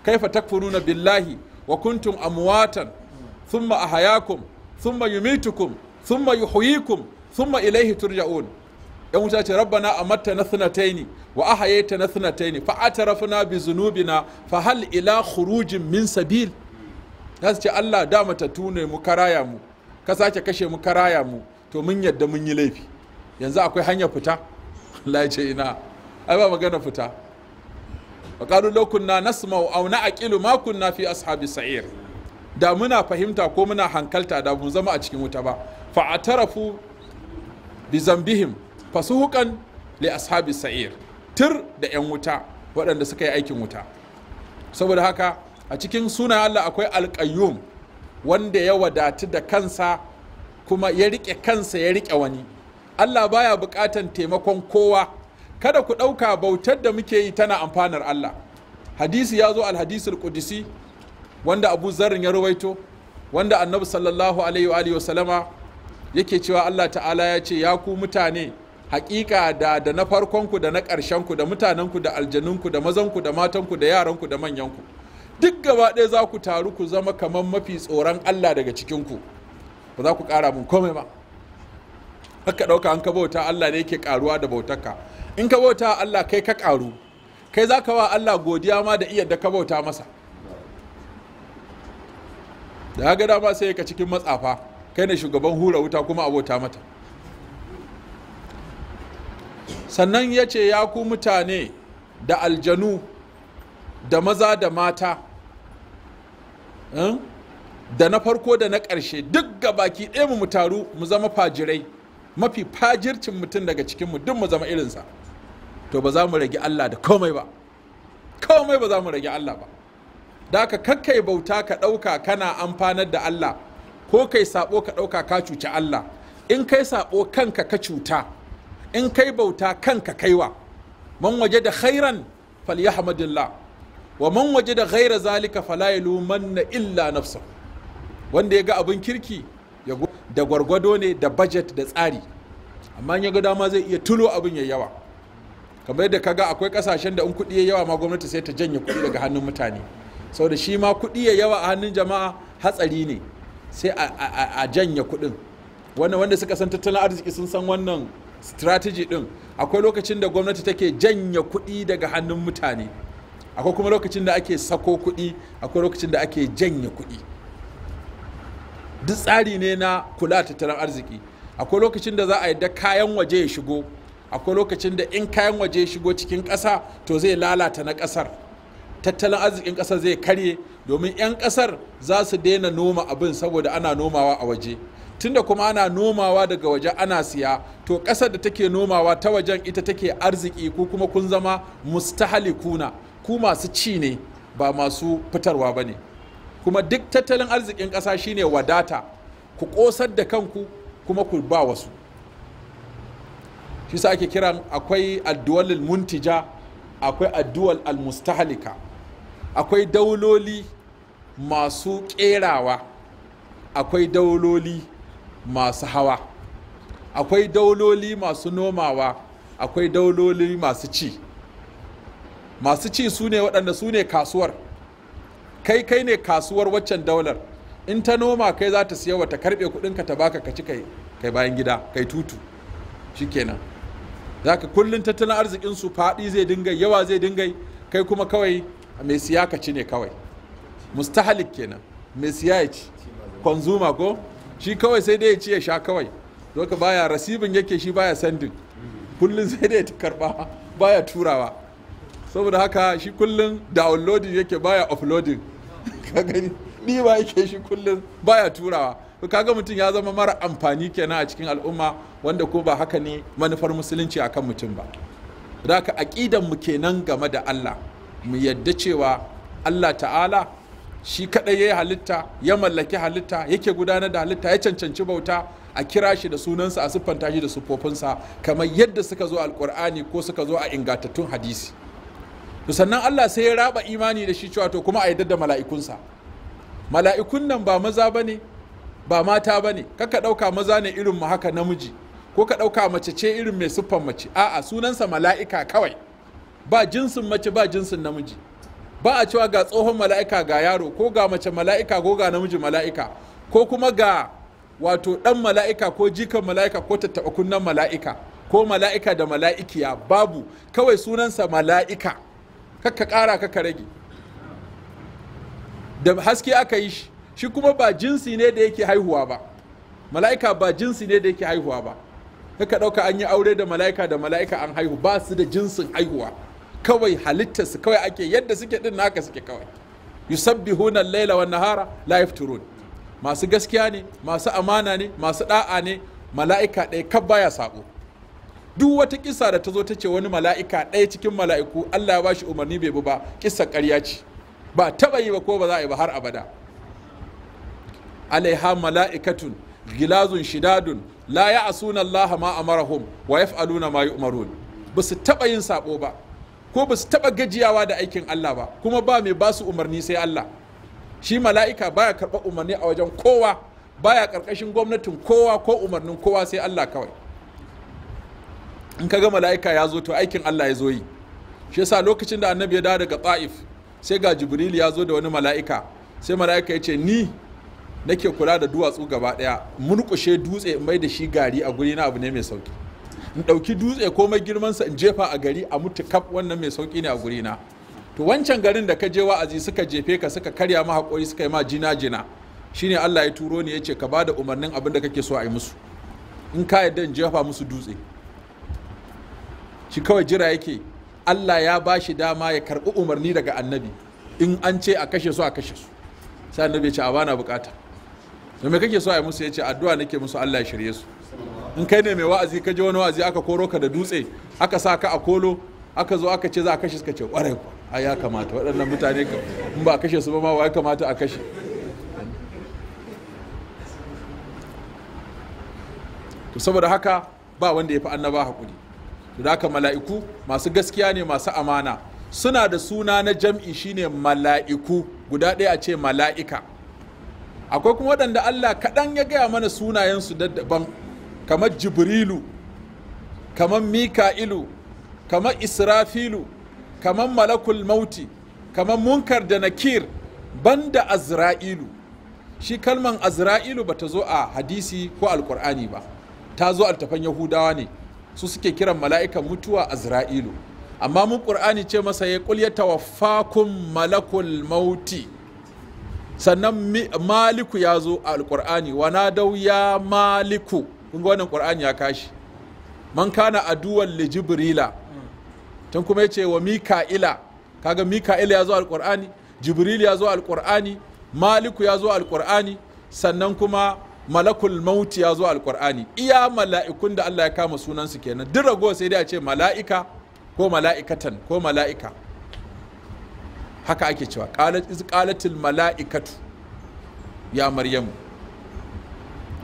A: kaifa takfuruna billahi wa kuntum amwatan thumma ahayakum thumma yumitukum thumma yuhyikum thumma ilayhi turja'un yan wuta ce rabbana amatta na sunataini wa ta na sunataini fa na bi zunubina fa hal ila khurujin min sabil ya ce Allah da matattu ne mu karaya mu ka sake kashe mu karaya mu to mun yadda mun yi laifi yanzu akwai hanyar fita Allah ya ce ina ai ba magana fita wa qalu law kunna auna a na'qilu ma na fi ashabi sa'ir da muna fahimta ko muna hankalta da mu zama a cikin wuta ba fa atarafu bi zambihim fasuhukan li ashabi sa'ir tir da yan wuta waɗanda suka yi aikin wuta saboda haka a cikin suna Allah akwai alƙayyum wanda ya wadatu da kansa kuma ya riƙe kansa ya riƙe wani Allah baya buƙatan taimakon kowa kada ku ɗauka bautar da muke yi tana amfanar Allah hadisi ya zo alhadisul qudsi wanda Abu Zarrin ya rawaito wanda Annabi sallallahu alaihi wa sallama yake cewa Allah ta'ala ya ce ya ku mutane hakika da da na farkonku da na ƙarshenku da mutanenku da ku da mazan ku da matanku da yaran ku da manyan ku duk gaba ɗaya za ku taru ku zama kamar mafi tsoron Allah daga cikinku ba za ku ƙara mun komai ba haka ɗauka an ka bauta Allah ne yake ƙaruwa da bautarka in ka bauta Allah kai ka ƙaru kai za ka wa Allah godiya ma da iya da ka bauta masa da ga dama sai ka cikin matsafa kai ne shugaban hura wuta kuma abota mata sannan ya ce ya ku mutane da aljanu da maza da mata eh, da na farko da na ƙarshe duk ga baki ɗaya mu taru mu zama fajirai mafi fajircin mutum daga cikinmu duk mu zama irinsa to ba za mu rage Allah da komai ba komai ba za mu rage Allah ba da ka kakkai bauta ka ɗauka kana amfanar da Allah ko kai saɓo ka ɗauka ka cuci Allah in kai saɓo kanka ka cuta in kai bauta kanka kaiwa man waje da khairan falyahmadillah wa man waje da ghaira zalika fala yalumanna illa nafsa wanda ya ga abin kirki da gwargwado ne da budget da tsari amma ya ga dama zai iya tulo abin ya yawa kamar yadda kaga akwai kasashen da in kudi ya yawa ma gwamnati sai ta janye kuɗi daga hannun mutane saboda shi ma kudi ya yawa a hannun jama'a hatsari ne sai a janye kuɗin wannan wanda suka san tattalin arziki sun san wannan strategy din akwai lokacin da gwamnati take janya kuɗi daga hannun mutane akwai kuma lokacin da ake sako kuɗi akwai lokacin da ake janya kuɗi duk tsari ne na kula tattalin arziki akwai lokacin da za a yadda kayan waje ya shigo akwai lokacin da in kayan waje ya shigo cikin ƙasa to zai lalata na ƙasar tattalin arzikin ƙasar zai karye domin 'yan ƙasar za su daina noma abin saboda ana nomawa a waje tunda kuma ana nomawa daga waje ana siya to ƙasar da take nomawa ta wajen ita take arziki ko kuma kun zama mustahalikuna ku masu ci ne ba masu fitarwa ba ne kuma duk tattalin arzikin ƙasa shine wadata ku ƙosar da kanku kuma ku ba wasu shi sa ake kiran akwai addu'al muntija akwai addu'al almustahalika akwai dauloli masu kerawa akwai dauloli masu hawa akwai dauloli masu nomawa akwai dauloli masu ci masu ci su ne waɗanda su ne kasuwar kai kai ne kasuwar waccan daular in ta noma kai za ta siya wata karɓe kuɗinka ta baka ka ci kai bayan gida kai tutu shikenan za ka kullum tattalin arzikinsu faɗi zai dinga yawa zai dinga kai kuma kawai mai siya ka ci ne kawai mustahalik kenan mai siya ya ci konzuma ko shi kawai sai dai ya ci ya sha kawai doka baya rasibin yake shi baya sandin kullum sai dai ta karba baya turawa saboda haka shi kullum downloading yake baya offloading ka gani ni ba yake shi kullum baya turawa to kaga mutum ya zama mara amfani kenan a cikin al'umma wanda ko ba haka ne manufar musulunci akan mutum ba da haka aqidan mu kenan game da Allah mu yadda cewa Allah ta'ala shi kadai ya yi halitta ya mallaki halitta yake gudanar da halitta ya cancanci bauta a kira shi da sunansa a siffanta shi da siffofinsa kamar yadda suka zo alkur'ani ko suka zo a ingantattun hadisi to sannan Allah sai ya raba imani da shi cewa to kuma a yaddar da mala'ikunsa mala'ikun nan ba maza bane ba mata bane kaka ɗauka maza ne irin mu haka namiji ko ka ɗauka mace ce irin mai siffan mace a'a sunansa mala'ika kawai ba jinsin mace ba jinsin namiji ba a cewa ga tsohon mala'ika ga yaro ko ga mace mala'ika ko ga namiji mala'ika ko kuma ga wato dan mala'ika ko jikan mala'ika ko tattaɓa kunnen mala'ika ko mala'ika da mala'ikiya babu kawai sunansa mala'ika kakka ƙara kakka rage da haske aka yi shi kuma ba jinsi ne da yake haihuwa ba mala'ika ba jinsi ne da yake haihuwa ba kaka ɗauka an yi aure da mala'ika da mala'ika an haihu ba su da jinsin haihuwa kawai su kawai ake yadda suke din naka suke kawai yusabbihuna al-laila wan nahara la yafturun masu gaskiya ne masu amana ne masu da'a ne mala'ika ɗaya kab baya sabo duk wata kisa da ta zo ta ce wani mala'ika ɗaya cikin mala'iku Allah ya bashi umarni bai bi ba kissa ƙarya ce ba taba yi ba ko ba za a yi ba har abada alaiha mala'ikatun gilazun shidadun la ya'asuna Allah ma amarahum wa yaf'aluna ma yu'marun ba su taba yin sabo ba ko ba su taɓa gajiyawa da aikin Allah ba kuma ba mai ba su umarni sai Allah shi mala'ika baya karɓar umarni a wajen kowa baya ƙarƙashin gwamnatin kowa ko umarnin kowa sai Allah kawai in ka ga mala'ika ya zo to aikin Allah ya zo yi shi yasa lokacin da annabi ya dawo daga ta'if sai ga jibril ya zo da wani mala'ika sai mala'ika ya ce ni nake kula da duwatsu gaba ɗaya murƙushe dutse mai da shi gari a guri na abu ne mai sauki in ɗauki dutse komai girmansa in jefa a gari a mutu kaf wannan mai sauƙi ne a guri na to wancan garin da ka je wa'azi suka jefe ka suka karya ma haƙori suka yi ma jina jina shine Allah ya turo ni ya ce ka bada umarnin abin da kake so a yi musu in ka yadda in jefa musu dutse shi kawai jira yake Allah ya ba shi dama ya karɓi umarni daga annabi in an ce a kashe su a kashe su sai annabi ya ce a bana bukata to me kake so a yi musu ya ce addu'a nake musu Allah ya shirye su in kai ne mai wa'azi ka je wani wa'azi aka koro ka da dutse aka sa ka a kolo aka zo aka ce za a kashe suka ce kwarai ku a ya kamata waɗannan mutane in ba a kashe su ba ma ya kamata a kashe to saboda haka ba wanda ya fi annaba hakuri to da haka mala'iku masu gaskiya ne masu amana suna da suna na jam'i shine mala'iku guda ɗaya a ce mala'ika akwai kuma waɗanda Allah kaɗan ya gaya mana sunayensu daban kamar jibrilu kamar mika'ilu kamar israfilu kamar malakul mauti kamar munkar da nakir banda azra'ilu shi kalman azra'ilu ba ta zo a hadisi ko alkur'ani ba ta zo Altafan yahudawa ne su suke kiran mala'ikan mutuwa azra'ilu amma mun ƙur'ani ce masa ya kul ya tawaffakun malakul mauti sannan maliku ya zo a alkur'ani wana dau ya maliku kun ga wannan qur'ani ya kashi man kana aduwan li jibrila tun kuma yace wa mika'ila kaga mika'ila ya zo alqur'ani jibril ya zo alqur'ani maliku ya zo alqur'ani sannan kuma malakul mauti ya zo alqur'ani iya mala'ikun da Allah ya kama sunansu kenan duk ragowa sai dai a ce mala'ika ko mala'ikatan ko mala'ika haka ake cewa qalat iz mala'ikatu ya maryamu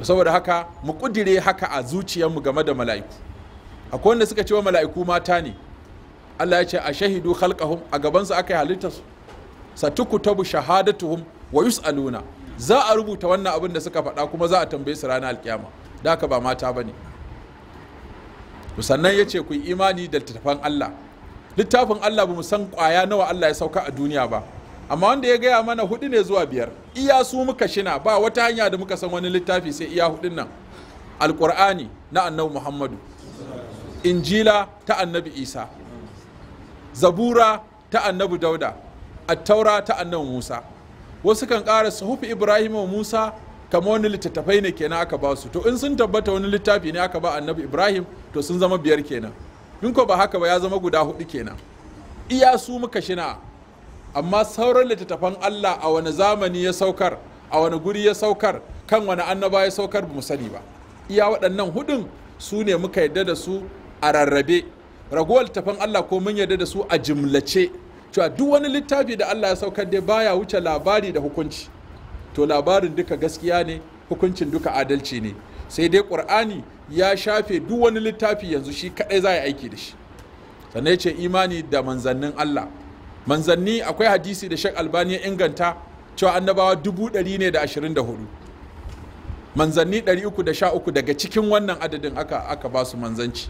A: saboda haka mu kudire haka a zuciyarmu game da mala'iku akwai wanda suka ce wa mala'iku mata ne Allah ya ce a shahidu khalqahum a gaban su aka yi halitta su satukutabu shahadatuhum wa yus'aluna za a rubuta wannan abin da suka faɗa kuma za a tambaye su ranar alkiyama da haka ba mata bane sannan ya ce ku imani da littattafan Allah littafin Allah ba mu san kwaya nawa Allah ya sauka a duniya ba amma wanda ya gaya mana hudu ne zuwa biyar iya su muka shina ba wata hanya da muka san wani littafi sai iya hudun nan alkur'ani na annabi muhammadu injila ta annabi isa zabura ta annabi dauda attaura ta annabi musa wasu kan kara sahufi ibrahim wa musa kama wani littattafai ne kenan aka ba su to in sun tabbata wani littafi ne aka ba annabi ibrahim to sun zama biyar kenan in ko ba haka ba ya zama guda hudu kenan iya su muka shina amma sauran littattafan Allah a wani zamani ya saukar a wani guri ya saukar kan wani annaba ya saukar ba mu sani ba iya waɗannan hudun su ne muka yarda da su a rarrabe Raguwar littattafan Allah ko mun yarda da su a jimlace cewa duk wani littafi da Allah ya saukar dai baya wuce labari da hukunci to labarin duka gaskiya ne hukuncin duka adalci ne sai dai qur'ani ya shafe duk wani littafi yanzu shi kaɗai za a yi aiki da shi sannan ya ce imani da manzannin Allah manzanni akwai hadisi da shek albani ya inganta cewa annabawa dubu ɗari ne da ashirin da hudu manzanni ɗari uku da sha uku daga cikin wannan adadin aka aka ba su manzanci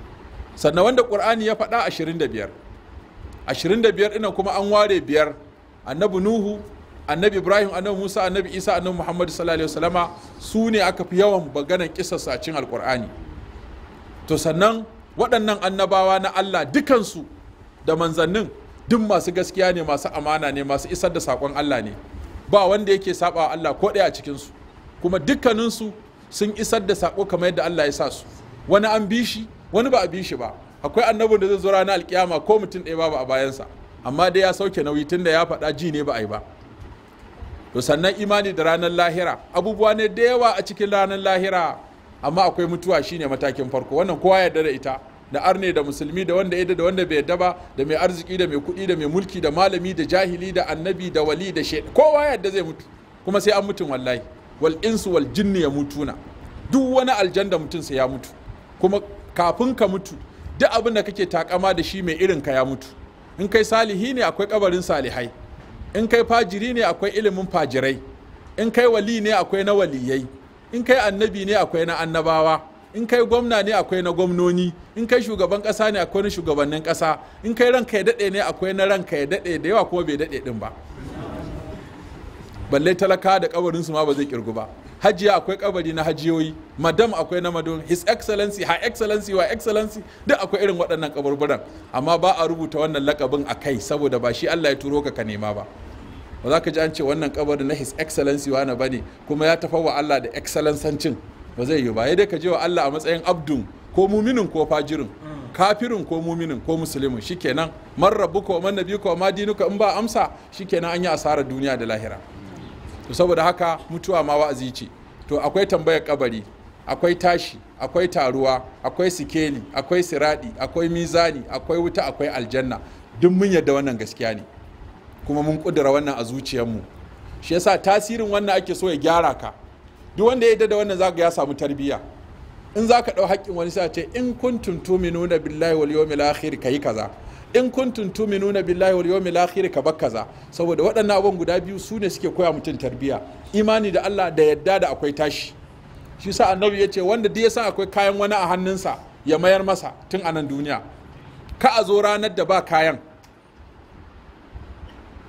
A: sannan wanda ƙur'ani ya faɗa ashirin da biyar ashirin da biyar ina kuma an ware biyar annabi nuhu annabi ibrahim annabi musa annabi isa annabi muhammadu sallallahu alaihi wasallama su ne aka fi yawan maganan kisarsa a cikin alƙur'ani to sannan waɗannan annabawa na allah dukansu da manzannin duk masu gaskiya ne masu amana ne masu isar da sakon Allah ne ba wanda yake saba Allah ko ɗaya a cikinsu kuma dukkaninsu sun isar da sako kamar yadda Allah ya sa su wani an bi shi wani ba a bi shi ba akwai annabin da zai zo ranar alkiyama ko mutum ɗaya babu a bayansa amma dai ya sauke nauyi tunda ya faɗa ji ne ba a yi ba to sannan imani da ranar lahira abubuwa ne da yawa a cikin ranar lahira amma akwai mutuwa shine matakin farko wannan kowa ya da ita da arne da musulmi da wanda ya da wanda bai yadda ba da mai arziki da mai kuɗi da mai mulki da malami da jahili da annabi da wali da shaidu kowa yadda zai mutu kuma sai an mutum wallahi wal insu wal jinni ya na. duk wani aljanda mutum sai ya mutu kuma kafin ka mutu duk abin da kake takama da shi mai irin ka ya mutu in kai salihi ne akwai kabarin salihai in kai fajiri ne akwai ilimin fajirai in kai wali ne akwai na waliyai in kai annabi ne akwai na annabawa in kai gwamna ne akwai na gwamnoni in kai shugaban kasa ne akwai na shugabannin kasa in kai ranka ya daɗe ne akwai na ranka ya daɗe da yawa kuma bai daɗe din ba balle talaka da kabarinsu ma ba zai kirgu ba hajiya akwai kabari na hajiyoyi madam akwai na madon his excellency her excellency wa excellency duk akwai irin waɗannan kaburburan amma ba a rubuta wannan lakabin a kai saboda ba shi allah ya turo ka ka nema ba ba za ka ji an ce wannan kabarin na his excellency wa na bane kuma ya tafawa allah da excellencancin ba zai yi ba ya ka je wa Allah a matsayin abdun ko muminin ko fajirin kafirin ko muminin ko musulmin shikenan man ko man ko ma dinuka in ba amsa shikenan an yi asarar duniya da lahira to saboda haka mutuwa ma wa'azi ce to akwai tambayar kabari akwai tashi akwai taruwa akwai sikeli akwai siradi akwai mizani akwai wuta akwai aljanna duk mun yarda wannan gaskiya ne kuma mun kudura wannan a zuciyarmu shi yasa tasirin wannan ake so ya gyara ka duk wanda ya da wannan zaka ya samu tarbiyya in zaka ɗau haƙƙin wani sai ce in kuntum tu'minuna billahi wal yawmil akhir kai kaza in kuntum tu'minuna billahi wal yawmil akhir ka bar kaza saboda waɗannan abun guda biyu su ne suke koya mutum tarbiyya imani da Allah da yadda da akwai tashi shi sa annabi ya ce wanda duk ya san akwai kayan wani a hannunsa ya mayar masa tun a nan duniya ka a zo ranar da ba kayan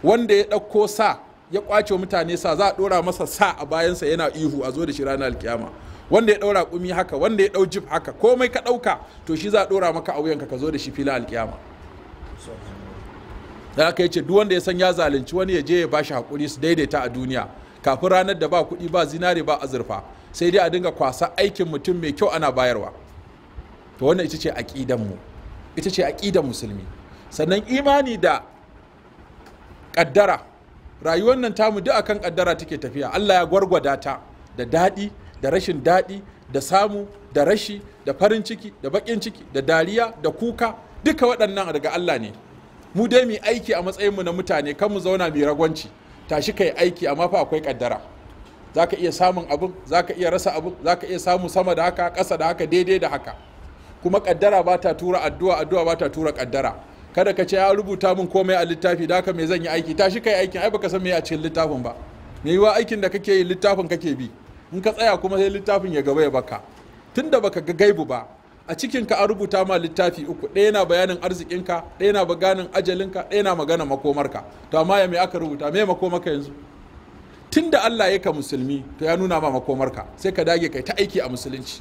A: wanda ya ɗauko sa ya kwace mutane sa za a dora masa sa a bayansa yana ihu a zo da shi ranar alkiyama wanda ya daura kumi haka wanda ya dau jib haka komai ka dauka to shi za a dora maka a wuyanka ka zo da shi fila alkiyama da aka yace duk wanda ya san ya zalunci wani ya je ya bashi hakuri su daidaita a duniya kafin ranar da ba kuɗi ba zinare ba azurfa sai dai a dinga kwasa aikin mutum mai kyau ana bayarwa to wannan ita ce aqidan mu ita ce aqidan musulmi sannan imani da kaddara rayuwar nan tamu duk akan kaddara take tafiya Allah ya gwargwada ta da daɗi da rashin daɗi da samu da rashi da farin ciki da baƙin ciki da dariya da kuka duka waɗannan daga Allah ne mu dai mu aiki a matsayin mu na mutane kan mu zauna mai ragwanci tashi kai aiki amma fa akwai kaddara zaka iya samun abin zaka iya rasa abin zaka iya samu sama da haka ƙasa da haka daidai da haka kuma kaddara ba ta tura addu'a addu'a ba ta tura kaddara kada ka ce ya rubuta min komai a littafi da haka me zan yi aiki tashi kai aikin ai baka san me a cikin littafin ba me yiwa aikin da kake yi littafin kake bi in ka tsaya kuma sai littafin ya gaba ya baka tunda baka ga gaibu ba a cikin ka a rubuta ma littafi uku ɗaya na bayanin arzikinka ɗaya na baganin ajalinka ɗaya na magana makomarka to amma ya me aka rubuta me makomarka yanzu tunda Allah ya ka musulmi to ya nuna ma makomarka sai ka dage kai ta aiki a musulunci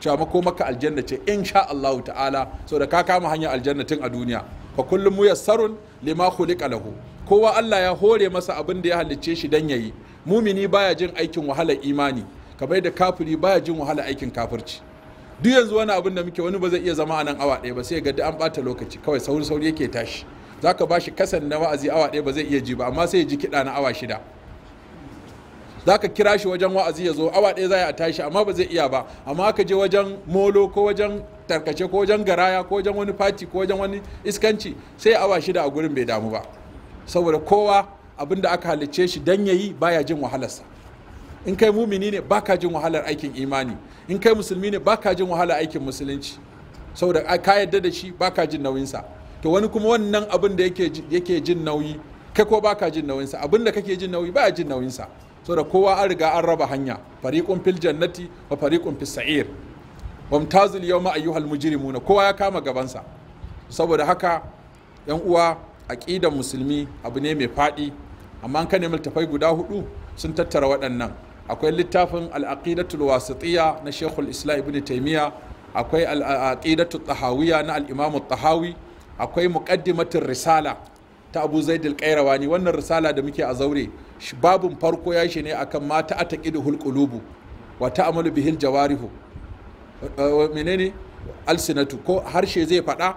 A: cewa makomarka aljanna ce insha Allah ta'ala saboda ka kama hanyar aljanna tun a duniya fa kullum muyassarun lima khuliqa lahu kowa Allah ya hore masa abin da ya halicce shi dan yayi mumini baya jin aikin wahalar imani ka bai da kafiri baya jin wahala aikin kafirci duk yanzu wani abin da muke wani ba zai iya zama a nan awa ɗaya ba sai ga an ɓata lokaci kawai sauri sauri yake tashi zaka bashi kasan na wa'azi awa ɗaya ba zai iya ji ba amma sai ya ji kiɗa na awa shida za ka kira shi wajen wa'azi ya zo awa ɗaya za a tashi amma ba zai iya ba amma ka je wajen molo ko wajen tarkace ko wajen garaya ko wajen wani fati ko wajen wani iskanci sai awa shida a gurin bai damu ba saboda kowa abin da aka halicce shi dan yayi baya jin wahalarsa in kai mumini ne baka jin wahalar aikin imani in kai musulmi ne baka jin wahalar aikin musulunci saboda ka yadda da shi baka jin nauyinsa to wani kuma wannan abin da yake jin nauyi kai ko baka jin nauyinsa abin da kake jin nauyi baya jin nauyinsa saboda kowa an riga an raba hanya fariqun fil jannati wa fariqun fis sa'ir wamtazul yawma ayyuhal mujrimuna kowa ya kama gabansa saboda haka yan uwa aqidan musulmi abu ne mai fadi amma ka nemi guda hudu sun tattara waɗannan akwai littafin al-aqidatul wasitiyya na Sheikhul Islam Ibn Taymiyyah akwai al-aqidatu tahawiyya na al-Imam tahawi akwai muqaddimatul risala ta Abu Zaid al wannan risala da muke a zaure babun farko ya shi ne akan mata ataqidu hulqulubu wa ta'malu bihil jawarihu Eh, eh, menene alsinatu ko harshe zai faɗa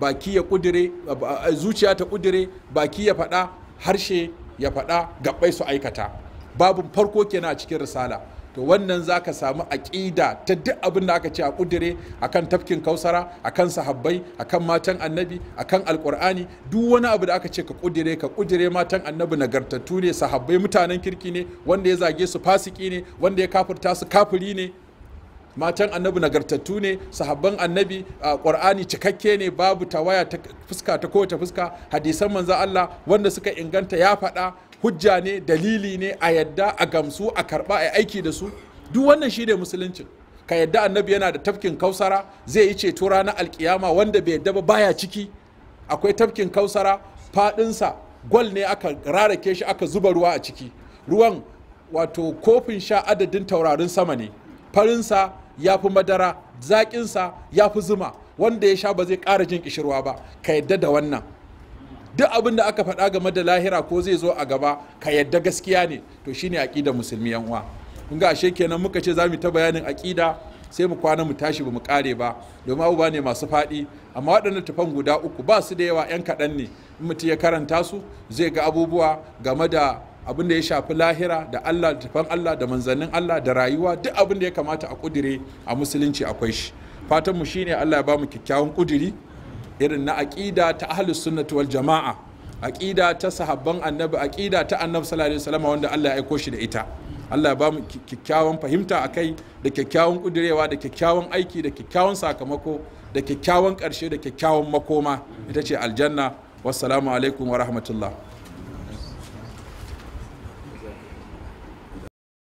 A: baki ya kudire eh, zuciya ta kudire baki ya faɗa harshe ya faɗa gabbai su aikata Babu farko kenan a cikin risala to wannan za ka samu aƙida ta duk abin da aka ce a ƙudire akan tafkin kausara akan sahabbai akan matan annabi akan alƙur'ani duk wani abu da aka ce ka kudire ka ƙudire matan annabi nagartattu ne sahabbai mutanen kirki ne wanda ya zage su fasiki ne wanda ya kafirta su kafiri ne matan annabi nagartattu ne sahabban annabi a ƙwar'ani cikakke ne babu ta waya ta fuska ta kowace fuska hadisan manzo Allah wanda suka inganta ya faɗa hujja ne dalili ne a yadda a gamsu a karɓa a aiki da su duk wannan shi ne musuluncin ka yadda annabi yana da tafkin kausara zai yi ceto ranar alkiyama wanda bai yadda ba baya ciki akwai tafkin kausara fadinsa gwal ne aka rarake shi aka zuba ruwa a ciki ruwan wato kofin sha adadin taurarin sama ne farinsa ya fi madara zaƙinsa ya fi zuma wanda ya sha ba zai ƙara jin ƙishirwa ba ka yadda da wannan duk abin da aka faɗa game da lahira ko zai zo a gaba ka yadda gaskiya ne to shine aƙida musulmi yan uwa kun ga ashe kenan muka ce za mu ta bayanin aƙida sai mu kwana mu tashi ba mu ƙare ba domin abubuwa ne masu faɗi amma waɗannan tufan guda uku ba su da yawa yan kaɗan ne in mutum ya karanta su zai ga abubuwa game da abin da ya shafi lahira da Allah tafan Allah da manzannin Allah da rayuwa duk abin da ya kamata a kudire a musulunci akwai shi fatan mu shine Allah ya ba kyakkyawan kudiri irin na aqida ta ahlus sunnati wal jamaa aqida ta sahabban annabi aqida ta annabi sallallahu alaihi wasallam wanda Allah ya aiko shi da ita Allah ya ba kyakkyawan fahimta a kai da kyakkyawan kudirewa da kyakkyawan aiki da kyakkyawan sakamako da kyakkyawan karshe da kyakkyawan makoma ita ce aljanna wassalamu alaikum wa rahmatullah